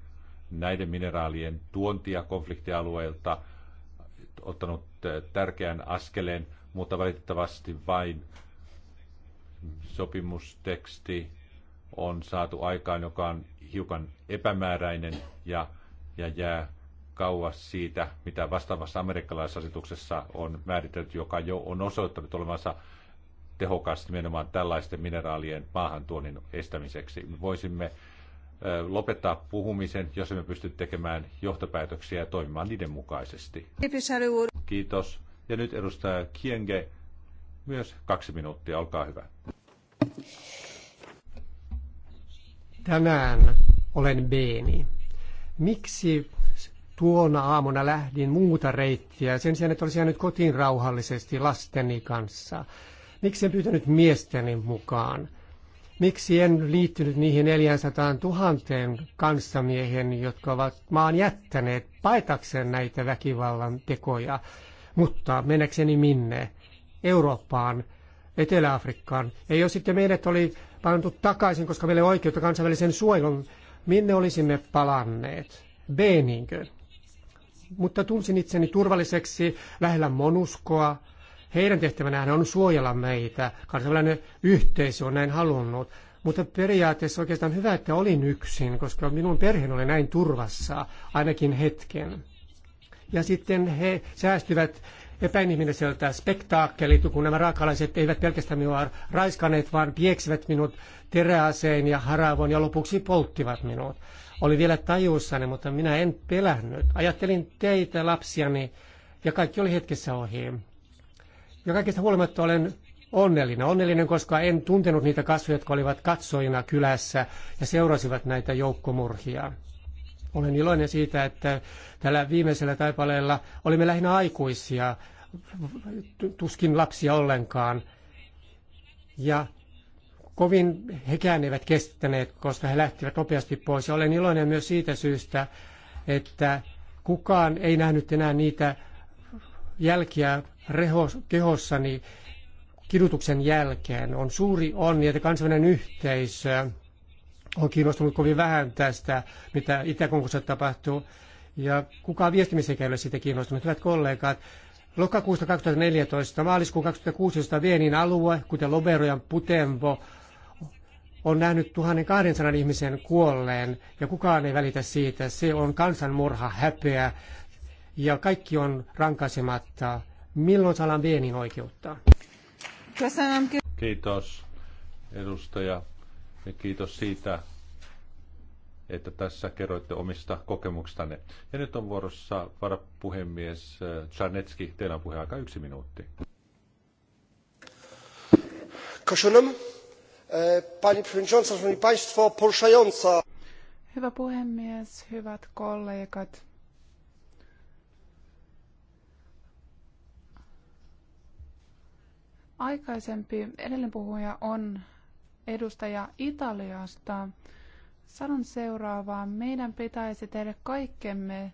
näiden mineraalien tuontia konfliktialueilta ottanut tärkeän askeleen, mutta valitettavasti vain sopimusteksti on saatu aikaan, joka on hiukan epämääräinen ja, ja jää kauas siitä, mitä vastaavassa amerikkalaisasetuksessa on määritelty, joka jo on osoittanut olevansa tehokas nimenomaan tällaisten mineraalien maahantuonnin estämiseksi. Me voisimme lopettaa puhumisen, jos emme pysty tekemään johtopäätöksiä ja toimimaan niiden mukaisesti. Kiitos. Ja nyt edustaja Kienge, myös kaksi minuuttia, olkaa hyvä. Tänään olen Beeni. Miksi tuona aamuna lähdin muuta reittiä sen sijaan, että olisin jäänyt kotiin rauhallisesti lasteni kanssa. Miksi en pyytänyt miesteni mukaan? Miksi en liittynyt niihin 400 000 kanssamiehen, jotka ovat maan jättäneet paitakseen näitä väkivallan tekoja, mutta menekseni minne? Eurooppaan, Etelä-Afrikkaan. Ja jos sitten meidät oli pantu takaisin, koska meillä oli oikeutta kansainvälisen suojelun, minne olisimme palanneet? b mutta tunsin itseni turvalliseksi lähellä Monuskoa. Heidän tehtävänään on suojella meitä. Kansainvälinen yhteisö on näin halunnut. Mutta periaatteessa oikeastaan hyvä, että olin yksin, koska minun perheeni oli näin turvassa ainakin hetken. Ja sitten he säästyvät epäinhimilliseltä spektaakkelilta, kun nämä raakalaiset eivät pelkästään minua raiskaneet, vaan pieksivät minut teräaseen ja haravon ja lopuksi polttivat minut oli vielä tajuussani, mutta minä en pelännyt. Ajattelin teitä, lapsiani, ja kaikki oli hetkessä ohi. Ja kaikesta huolimatta olen onnellinen. Onnellinen, koska en tuntenut niitä kasvoja, jotka olivat katsojina kylässä ja seurasivat näitä joukkomurhia. Olen iloinen siitä, että tällä viimeisellä taipaleella olimme lähinnä aikuisia, tuskin lapsia ollenkaan. Ja kovin hekään eivät kestäneet, koska he lähtivät nopeasti pois. Ja olen iloinen myös siitä syystä, että kukaan ei nähnyt enää niitä jälkiä kehossani kidutuksen jälkeen. On suuri on, että kansainvälinen yhteisö on kiinnostunut kovin vähän tästä, mitä Itä-Kongossa tapahtuu. Ja kukaan viestimisekään ei ole siitä kiinnostunut. Hyvät kollegat, lokakuusta 2014 maaliskuun 2016 Vienin alue, kuten Loberojan Putembo, on nähnyt 1200 ihmisen kuolleen ja kukaan ei välitä siitä. Se on kansanmurha, häpeä ja kaikki on rankaisematta. Milloin saadaan Vienin oikeutta? Kiitos edustaja ja kiitos siitä, että tässä kerroitte omista kokemuksistanne. Ja nyt on vuorossa varapuhemies eh, Czarnetski. Teillä on puheaika yksi minuutti. Köszönöm. E, pani przewodnicząca! szanowni państwo! poruszająca. hyvä puhemies hyvät kollegat aikaisempi edellinen puhuja on edustaja Italiasta. Sanon seuraavaa. Meidän pitäisi tehdä kaikkemme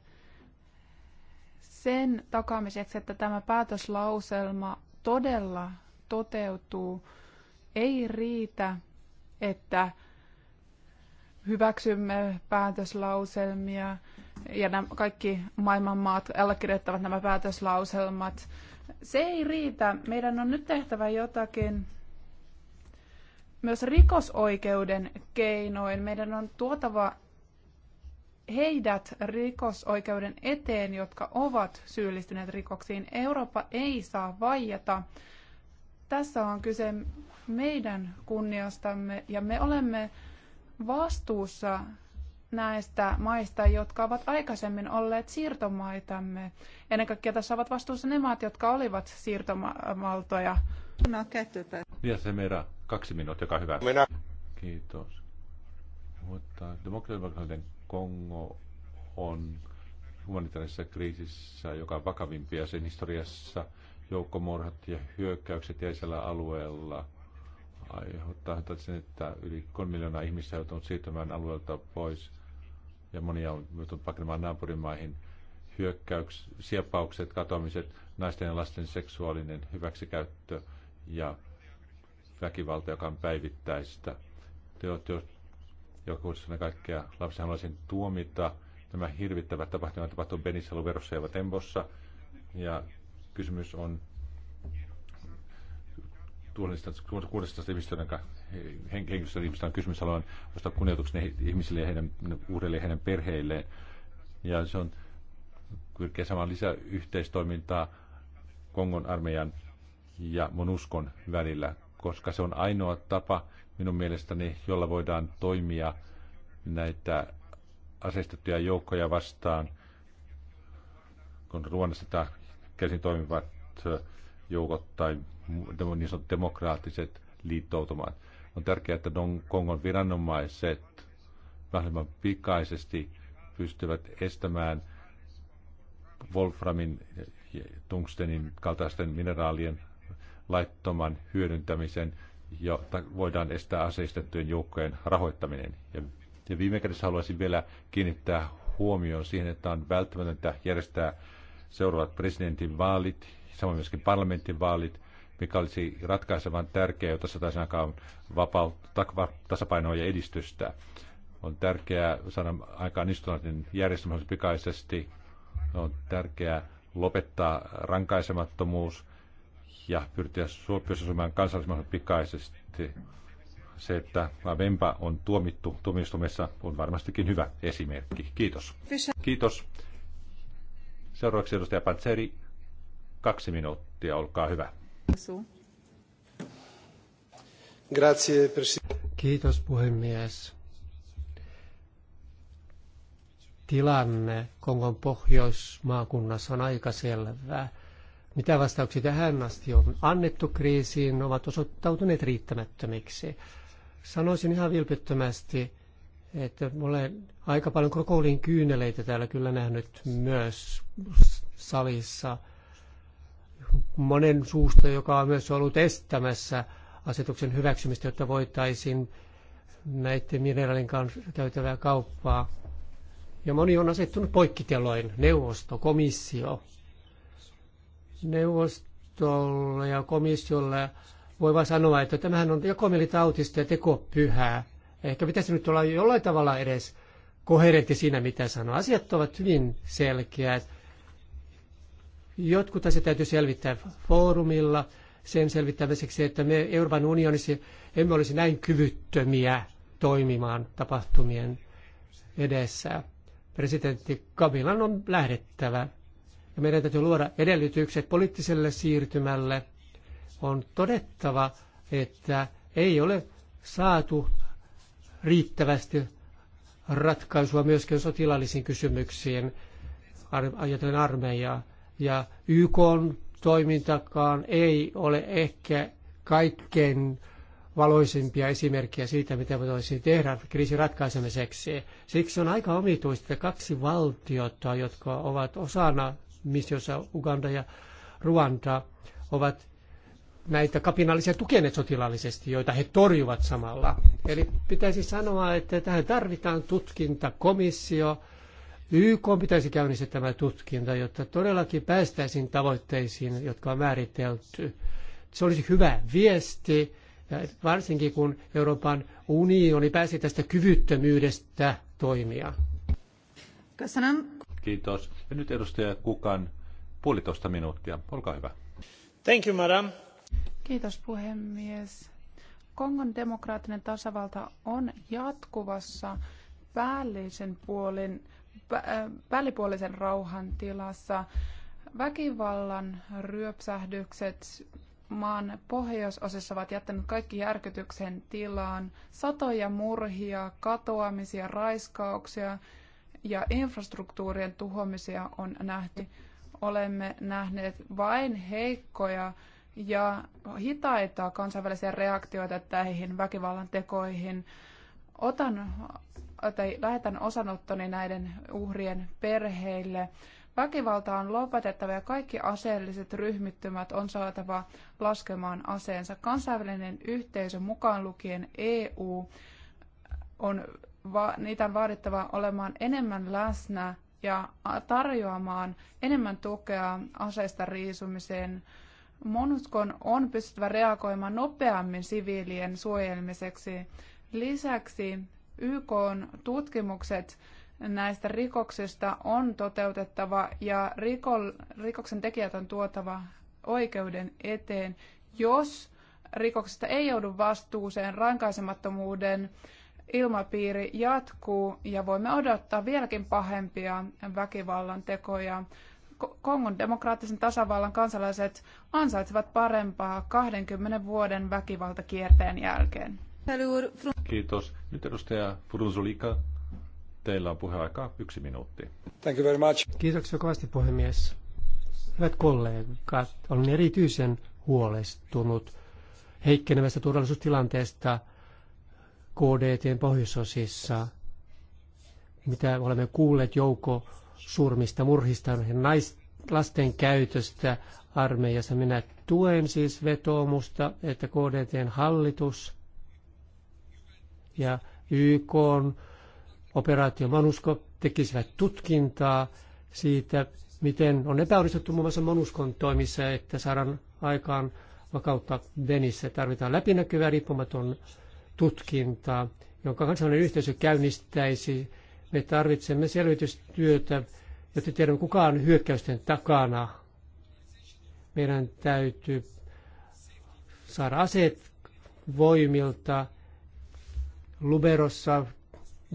sen takamiseksi, että tämä päätöslauselma todella toteutuu ei riitä, että hyväksymme päätöslauselmia ja nämä kaikki maailman maat allekirjoittavat nämä päätöslauselmat. Se ei riitä. Meidän on nyt tehtävä jotakin myös rikosoikeuden keinoin. Meidän on tuotava heidät rikosoikeuden eteen, jotka ovat syyllistyneet rikoksiin. Eurooppa ei saa vaijata. Tässä on kyse meidän kunniastamme ja me olemme vastuussa näistä maista, jotka ovat aikaisemmin olleet siirtomaitamme. Ennen kaikkea tässä ovat vastuussa ne maat, jotka olivat siirtomaltoja. No, ja se meidän kaksi minuuttia, joka hyvä. Minä. Kiitos. Mutta demokratian Kongo on humanitaarisessa kriisissä, joka on vakavimpia sen historiassa joukkomurhat ja hyökkäykset jäisellä alueella aiheuttaa sen, että yli 3 miljoonaa ihmistä on joutunut siirtymään alueelta pois ja monia on joutunut pakenemaan naapurimaihin. Hyökkäyks, siepaukset, katoamiset, naisten ja lasten seksuaalinen hyväksikäyttö ja väkivalta, joka on päivittäistä. Teot, jo ennen kaikkea lapsi haluaisin tuomita. Nämä hirvittävät tapahtumat tapahtuivat Benissä, Luverossa ja Tembossa. Ja Kysymys on tuollista 16 ihmistä, jonka henkilöstä ihmistä on kysymys, haluan ostaa kunnioituksen ihmisille ja heidän uudelleen heidän perheilleen. Ja se on kyrkeä samaan lisää yhteistoimintaa Kongon armeijan ja Monuskon välillä, koska se on ainoa tapa minun mielestäni, jolla voidaan toimia näitä aseistettuja joukkoja vastaan, kun Ruandassa käsin toimivat äh, joukot tai niin sanotut demokraattiset liittoutumat. On tärkeää, että Kongon viranomaiset mahdollisimman pikaisesti pystyvät estämään Wolframin tungstenin kaltaisten mineraalien laittoman hyödyntämisen, jotta voidaan estää aseistettujen joukkojen rahoittaminen. Ja, ja viime kädessä haluaisin vielä kiinnittää huomioon siihen, että on välttämätöntä järjestää seuraavat presidentin vaalit, samoin myöskin parlamentin vaalit, mikä olisi ratkaisevan tärkeää, jotta saataisiin aikaan vapautta, tasapainoa ja edistystä. On tärkeää saada aikaan istunnollinen järjestelmä pikaisesti. On tärkeää lopettaa rankaisemattomuus ja pyrkiä suopiosasumaan kansallisemman pikaisesti. Se, että Vempa on tuomittu tuomistumessa, on varmastikin hyvä esimerkki. Kiitos. Kiitos. Seuraavaksi edustaja Pantseri, kaksi minuuttia, olkaa hyvä. Kiitos puhemies. Tilanne Kongon pohjoismaakunnassa on aika selvää. Mitä vastauksia tähän asti on annettu kriisiin, ovat osoittautuneet riittämättömiksi. Sanoisin ihan vilpittömästi, että olen aika paljon krokoliin kyyneleitä täällä kyllä nähnyt myös salissa. Monen suusta, joka on myös ollut estämässä asetuksen hyväksymistä, jotta voitaisiin näiden mineraalin kanssa käytävää kauppaa. Ja moni on asettunut poikkiteloin, neuvosto, komissio. Neuvostolle ja komissiolle voi vain sanoa, että tämähän on jakomielitautista ja tekopyhää Ehkä pitäisi nyt olla jollain tavalla edes koherentti siinä, mitä sanoo. Asiat ovat hyvin selkeät. Jotkut asiat täytyy selvittää foorumilla sen selvittämiseksi, että me Euroopan unionissa emme olisi näin kyvyttömiä toimimaan tapahtumien edessä. Presidentti Kabilan on lähdettävä ja meidän täytyy luoda edellytykset poliittiselle siirtymälle. On todettava, että ei ole saatu riittävästi ratkaisua myöskin sotilaallisiin kysymyksiin, ajatellen armeijaa. Ja YK toimintakaan ei ole ehkä kaikkein valoisimpia esimerkkejä siitä, mitä voitaisiin tehdä kriisin ratkaisemiseksi. Siksi on aika omituista, että kaksi valtiota, jotka ovat osana missiossa Uganda ja Ruanda, ovat näitä kapinallisia tukeneet sotilaallisesti, joita he torjuvat samalla. Eli pitäisi sanoa, että tähän tarvitaan tutkintakomissio. YK pitäisi käynnistää tämä tutkinta, jotta todellakin päästäisiin tavoitteisiin, jotka on määritelty. Se olisi hyvä viesti, ja varsinkin kun Euroopan unioni pääsi tästä kyvyttömyydestä toimia. Kiitos. Ja nyt edustaja Kukan puolitoista minuuttia. Olkaa hyvä. Thank you, madam. Kiitos puhemies. Kongon demokraattinen tasavalta on jatkuvassa päällisen puolin, pä, päällipuolisen rauhan tilassa. Väkivallan ryöpsähdykset maan pohjoisosissa ovat jättäneet kaikki järkytyksen tilaan. Satoja murhia, katoamisia, raiskauksia ja infrastruktuurien tuhoamisia on nähty. Olemme nähneet vain heikkoja ja hitaita kansainvälisiä reaktioita näihin väkivallan tekoihin. Otan, tai lähetän osanottoni näiden uhrien perheille. Väkivalta on lopetettava ja kaikki aseelliset ryhmittymät on saatava laskemaan aseensa. Kansainvälinen yhteisö, mukaan lukien EU, on, va, niitä on vaadittava olemaan enemmän läsnä ja tarjoamaan enemmän tukea aseista riisumiseen Monuskon on pystyttävä reagoimaan nopeammin siviilien suojelmiseksi. Lisäksi YK tutkimukset näistä rikoksista on toteutettava ja rikoksen tekijät on tuotava oikeuden eteen, jos rikoksesta ei joudu vastuuseen rankaisemattomuuden ilmapiiri jatkuu ja voimme odottaa vieläkin pahempia väkivallan tekoja. Kongon demokraattisen tasavallan kansalaiset ansaitsevat parempaa 20 vuoden väkivaltakierteen jälkeen. Kiitos. Nyt edustaja Furunzulika, teillä on puheaikaa yksi minuutti. Thank you very much. Kiitoksia kovasti puhemies. Hyvät kollegat, olen erityisen huolestunut heikkenevästä turvallisuustilanteesta KDTn pohjoisosissa, mitä olemme kuulleet joukko surmista, murhista, nais, lasten käytöstä armeijassa. Minä tuen siis vetoomusta, että KDTn hallitus ja YK operaatio Manusko tekisivät tutkintaa siitä, miten on epäonnistuttu muun muassa Manuskon toimissa, että saadaan aikaan vakautta Venissä. Tarvitaan läpinäkyvää riippumaton tutkintaa, jonka kansainvälinen yhteisö käynnistäisi me tarvitsemme selvitystyötä, jotta tiedämme kuka on hyökkäysten takana. Meidän täytyy saada aseet voimilta. Luberossa,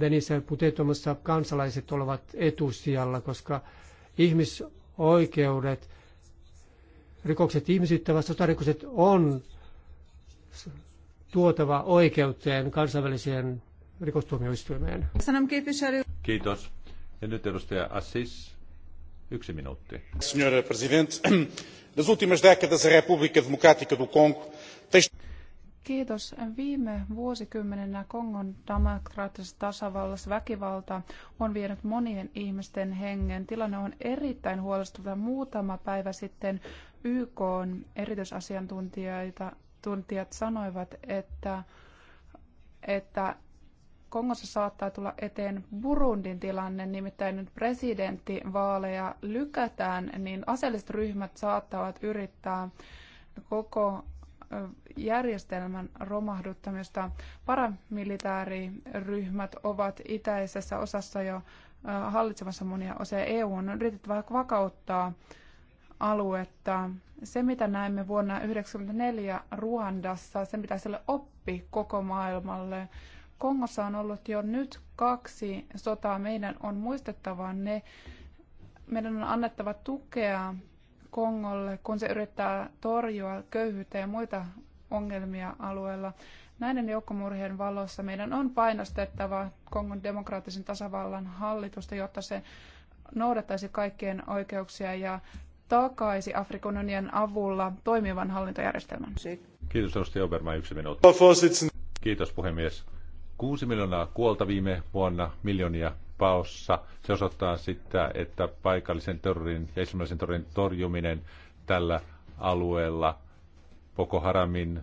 Venissä Putetomassa kansalaiset ovat etusijalla, koska ihmisoikeudet, rikokset ihmisyyttä vastaan, rikokset on tuotava oikeuteen kansainväliseen rikostuomioistuimeen. Kiitos. Ja nyt edustaja Assis, yksi minuutti. Signora Presidente, nas últimas décadas a República Democrática do Congo Kiitos. Viime vuosikymmenenä Kongon demokraattisessa tasavallassa väkivalta on vienyt monien ihmisten hengen. Tilanne on erittäin huolestuttava. Muutama päivä sitten YK erityisasiantuntijat sanoivat, että, että Kongossa saattaa tulla eteen Burundin tilanne, nimittäin nyt presidenttivaaleja lykätään, niin aseelliset ryhmät saattavat yrittää koko järjestelmän romahduttamista. Paramilitaariryhmät ovat itäisessä osassa jo hallitsemassa monia osia. EU on yritettävä vakauttaa aluetta. Se, mitä näimme vuonna 1994 Ruandassa, se mitä sille oppi koko maailmalle, Kongossa on ollut jo nyt kaksi sotaa. Meidän on muistettava ne. Meidän on annettava tukea Kongolle, kun se yrittää torjua köyhyyttä ja muita ongelmia alueella. Näiden joukkomurhien valossa meidän on painostettava Kongon demokraattisen tasavallan hallitusta, jotta se noudattaisi kaikkien oikeuksia ja takaisi Afrikan unionin avulla toimivan hallintojärjestelmän. Kiitos, Osti Oberma, yksi minuutti. Kiitos, puhemies. 6 miljoonaa kuolta viime vuonna, miljoonia paossa. Se osoittaa sitä, että paikallisen terrorin ja islamilaisen terrorin torjuminen tällä alueella, Boko Haramin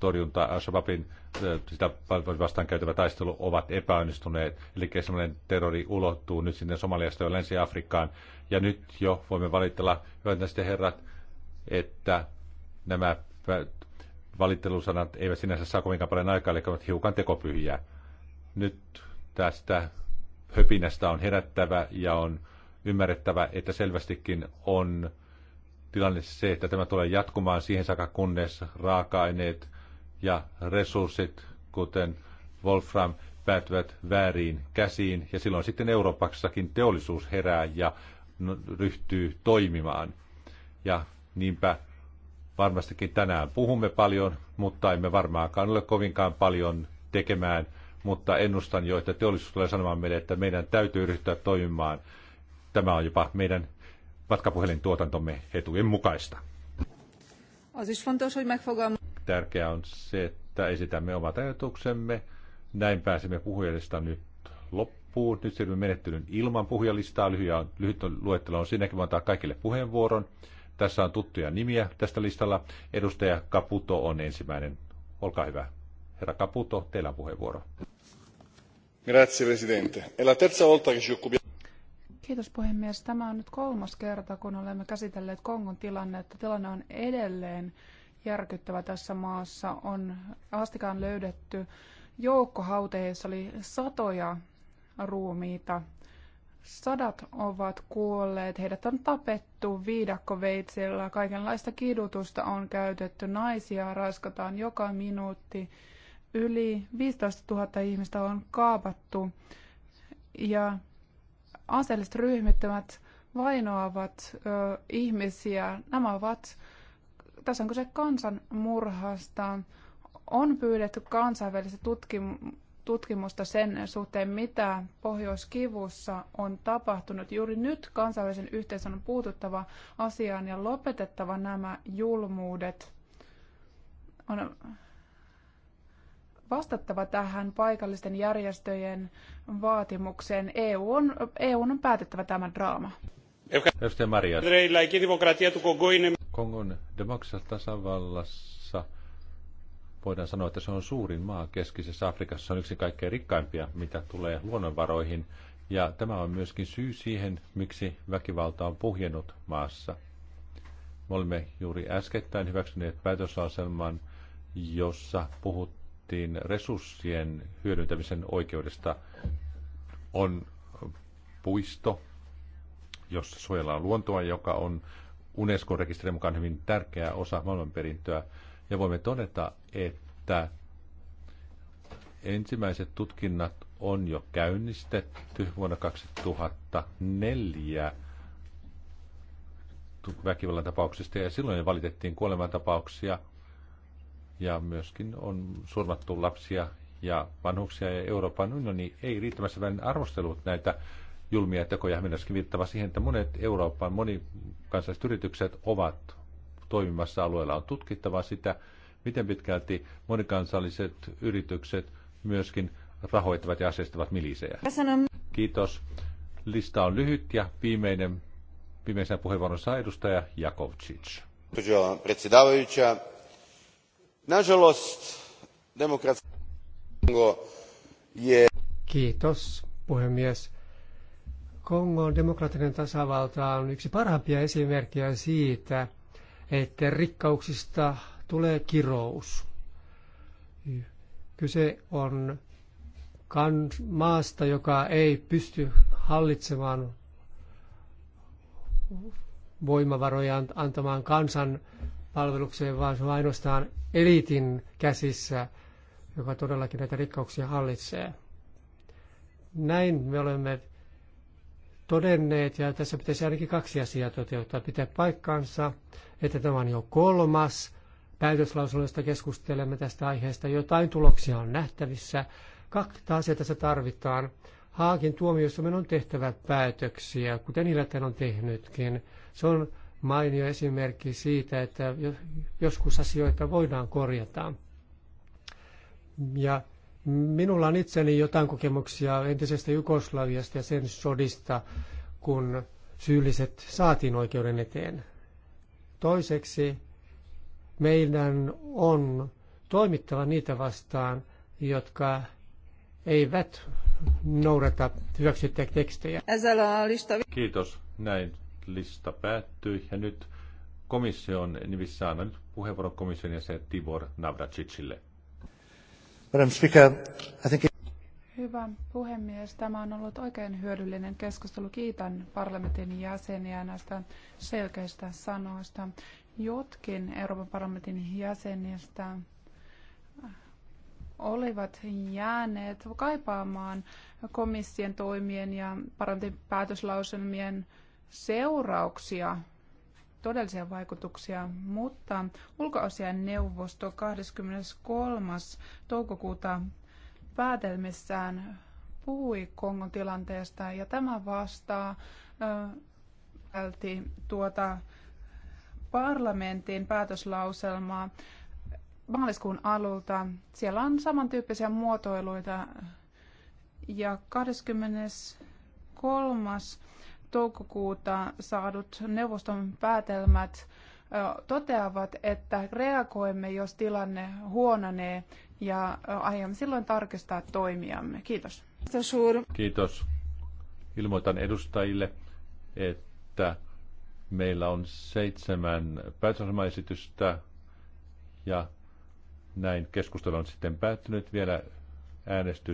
torjunta, al eh, sitä vastaan käytävä taistelu ovat epäonnistuneet. Eli semmoinen terrori ulottuu nyt sinne Somaliasta ja länsi afrikkaan Ja nyt jo voimme valitella, hyvät näistä herrat, että nämä valittelusanat eivät sinänsä saa kovinkaan paljon aikaa, eli ovat hiukan tekopyhiä. Nyt tästä höpinästä on herättävä ja on ymmärrettävä, että selvästikin on tilanne se, että tämä tulee jatkumaan siihen saakka, kunnes raaka-aineet ja resurssit, kuten Wolfram, päätyvät väärin käsiin. Ja silloin sitten Euroopassakin teollisuus herää ja ryhtyy toimimaan. Ja niinpä Varmastikin tänään puhumme paljon, mutta emme varmaankaan ole kovinkaan paljon tekemään, mutta ennustan jo, että teollisuus tulee sanomaan meille, että meidän täytyy ryhtyä toimimaan. Tämä on jopa meidän tuotantomme etujen mukaista. Tärkeää on se, että esitämme omat ajatuksemme. Näin pääsemme puhujalista nyt loppuun. Nyt siirrymme menettelyn ilman puhujalistaa. Lyhyt, lyhyt luettelo on siinäkin. vaan antaa kaikille puheenvuoron. Tässä on tuttuja nimiä tästä listalla. Edustaja Caputo on ensimmäinen. Olkaa hyvä. Herra Caputo, teillä on puheenvuoro. Grazie, Presidente. la terza volta che ci occupiamo... Kiitos puhemies. Tämä on nyt kolmas kerta, kun olemme käsitelleet Kongon tilannetta. Tilanne on edelleen järkyttävä tässä maassa. On astikaan löydetty joukko jossa oli satoja ruumiita. Sadat ovat kuolleet, heidät on tapettu viidakkoveitsellä, kaikenlaista kidutusta on käytetty, naisia raskataan joka minuutti. Yli 15 000 ihmistä on kaapattu ja aseelliset ryhmittymät vainoavat ö, ihmisiä. Nämä ovat, tässä on kyse kansanmurhasta. On pyydetty kansainvälistä tutkimusta tutkimusta sen suhteen, mitä Pohjois-Kivussa on tapahtunut. Juuri nyt kansainvälisen yhteisön on puututtava asiaan ja lopetettava nämä julmuudet. On vastattava tähän paikallisten järjestöjen vaatimukseen. EU on, EU on päätettävä tämä draama. Edustaja Maria. Kongon demokratia tasavallassa voidaan sanoa, että se on suurin maa keskisessä Afrikassa. Se on yksi kaikkein rikkaimpia, mitä tulee luonnonvaroihin. Ja tämä on myöskin syy siihen, miksi väkivalta on puhjennut maassa. Me olemme juuri äskettäin hyväksyneet päätösaselman, jossa puhuttiin resurssien hyödyntämisen oikeudesta. On puisto, jossa suojellaan luontoa, joka on Unescon rekisterin mukaan hyvin tärkeä osa maailmanperintöä. Ja voimme todeta, että ensimmäiset tutkinnat on jo käynnistetty vuonna 2004 väkivallan tapauksista ja silloin valitettiin kuolemantapauksia ja myöskin on surmattu lapsia ja vanhuksia ja Euroopan unioni ei riittävässä välin arvostellut näitä julmia tekoja. Myöskin viittava siihen, että monet Euroopan monikansalliset yritykset ovat toimimassa alueella. On tutkittava sitä, miten pitkälti monikansalliset yritykset myöskin rahoittavat ja asestavat milisejä. Kiitos. Lista on lyhyt ja viimeinen, viimeisenä puheenvuoron saa edustaja Jakovcic. Kiitos, puhemies. Kongon demokraattinen tasavalta on yksi parhaimpia esimerkkejä siitä, että rikkauksista tulee kirous. Kyse on maasta, joka ei pysty hallitsemaan voimavaroja antamaan kansan palvelukseen, vaan se on ainoastaan eliitin käsissä, joka todellakin näitä rikkauksia hallitsee. Näin me olemme todenneet, ja tässä pitäisi ainakin kaksi asiaa toteuttaa. Pitää paikkansa, että tämä on jo kolmas päätöslauselmasta keskustelemme tästä aiheesta. Jotain tuloksia on nähtävissä. Kaksi asiaa tässä tarvitaan. Haakin tuomioistuimen on tehtävä päätöksiä, kuten hiljattain on tehnytkin. Se on mainio esimerkki siitä, että joskus asioita voidaan korjata. Ja minulla on itseni jotain kokemuksia entisestä Jugoslaviasta ja sen sodista, kun syylliset saatiin oikeuden eteen. Toiseksi meidän on toimittava niitä vastaan, jotka eivät noudata hyväksyttäjä tekstejä. Kiitos. Näin lista päättyi. Ja nyt komission nimissä annan nyt puheenvuoron komission jäsen Tibor Navracicille. Hyvä puhemies, tämä on ollut oikein hyödyllinen keskustelu. Kiitän parlamentin jäseniä näistä selkeistä sanoista. Jotkin Euroopan parlamentin jäsenistä olivat jääneet kaipaamaan komission toimien ja parlamentin päätöslauselmien seurauksia, todellisia vaikutuksia, mutta ulkoasian neuvosto 23. toukokuuta päätelmissään puhui Kongon tilanteesta ja tämä vastaa äh, tuota parlamentin päätöslauselmaa maaliskuun alulta. Siellä on samantyyppisiä muotoiluita ja 23. toukokuuta saadut neuvoston päätelmät toteavat, että reagoimme, jos tilanne huononee ja aiomme silloin tarkistaa toimiamme. Kiitos. Kiitos. Ilmoitan edustajille, että Meillä on seitsemän päätösmaesitystä ja näin keskustelu on sitten päättynyt vielä äänestys.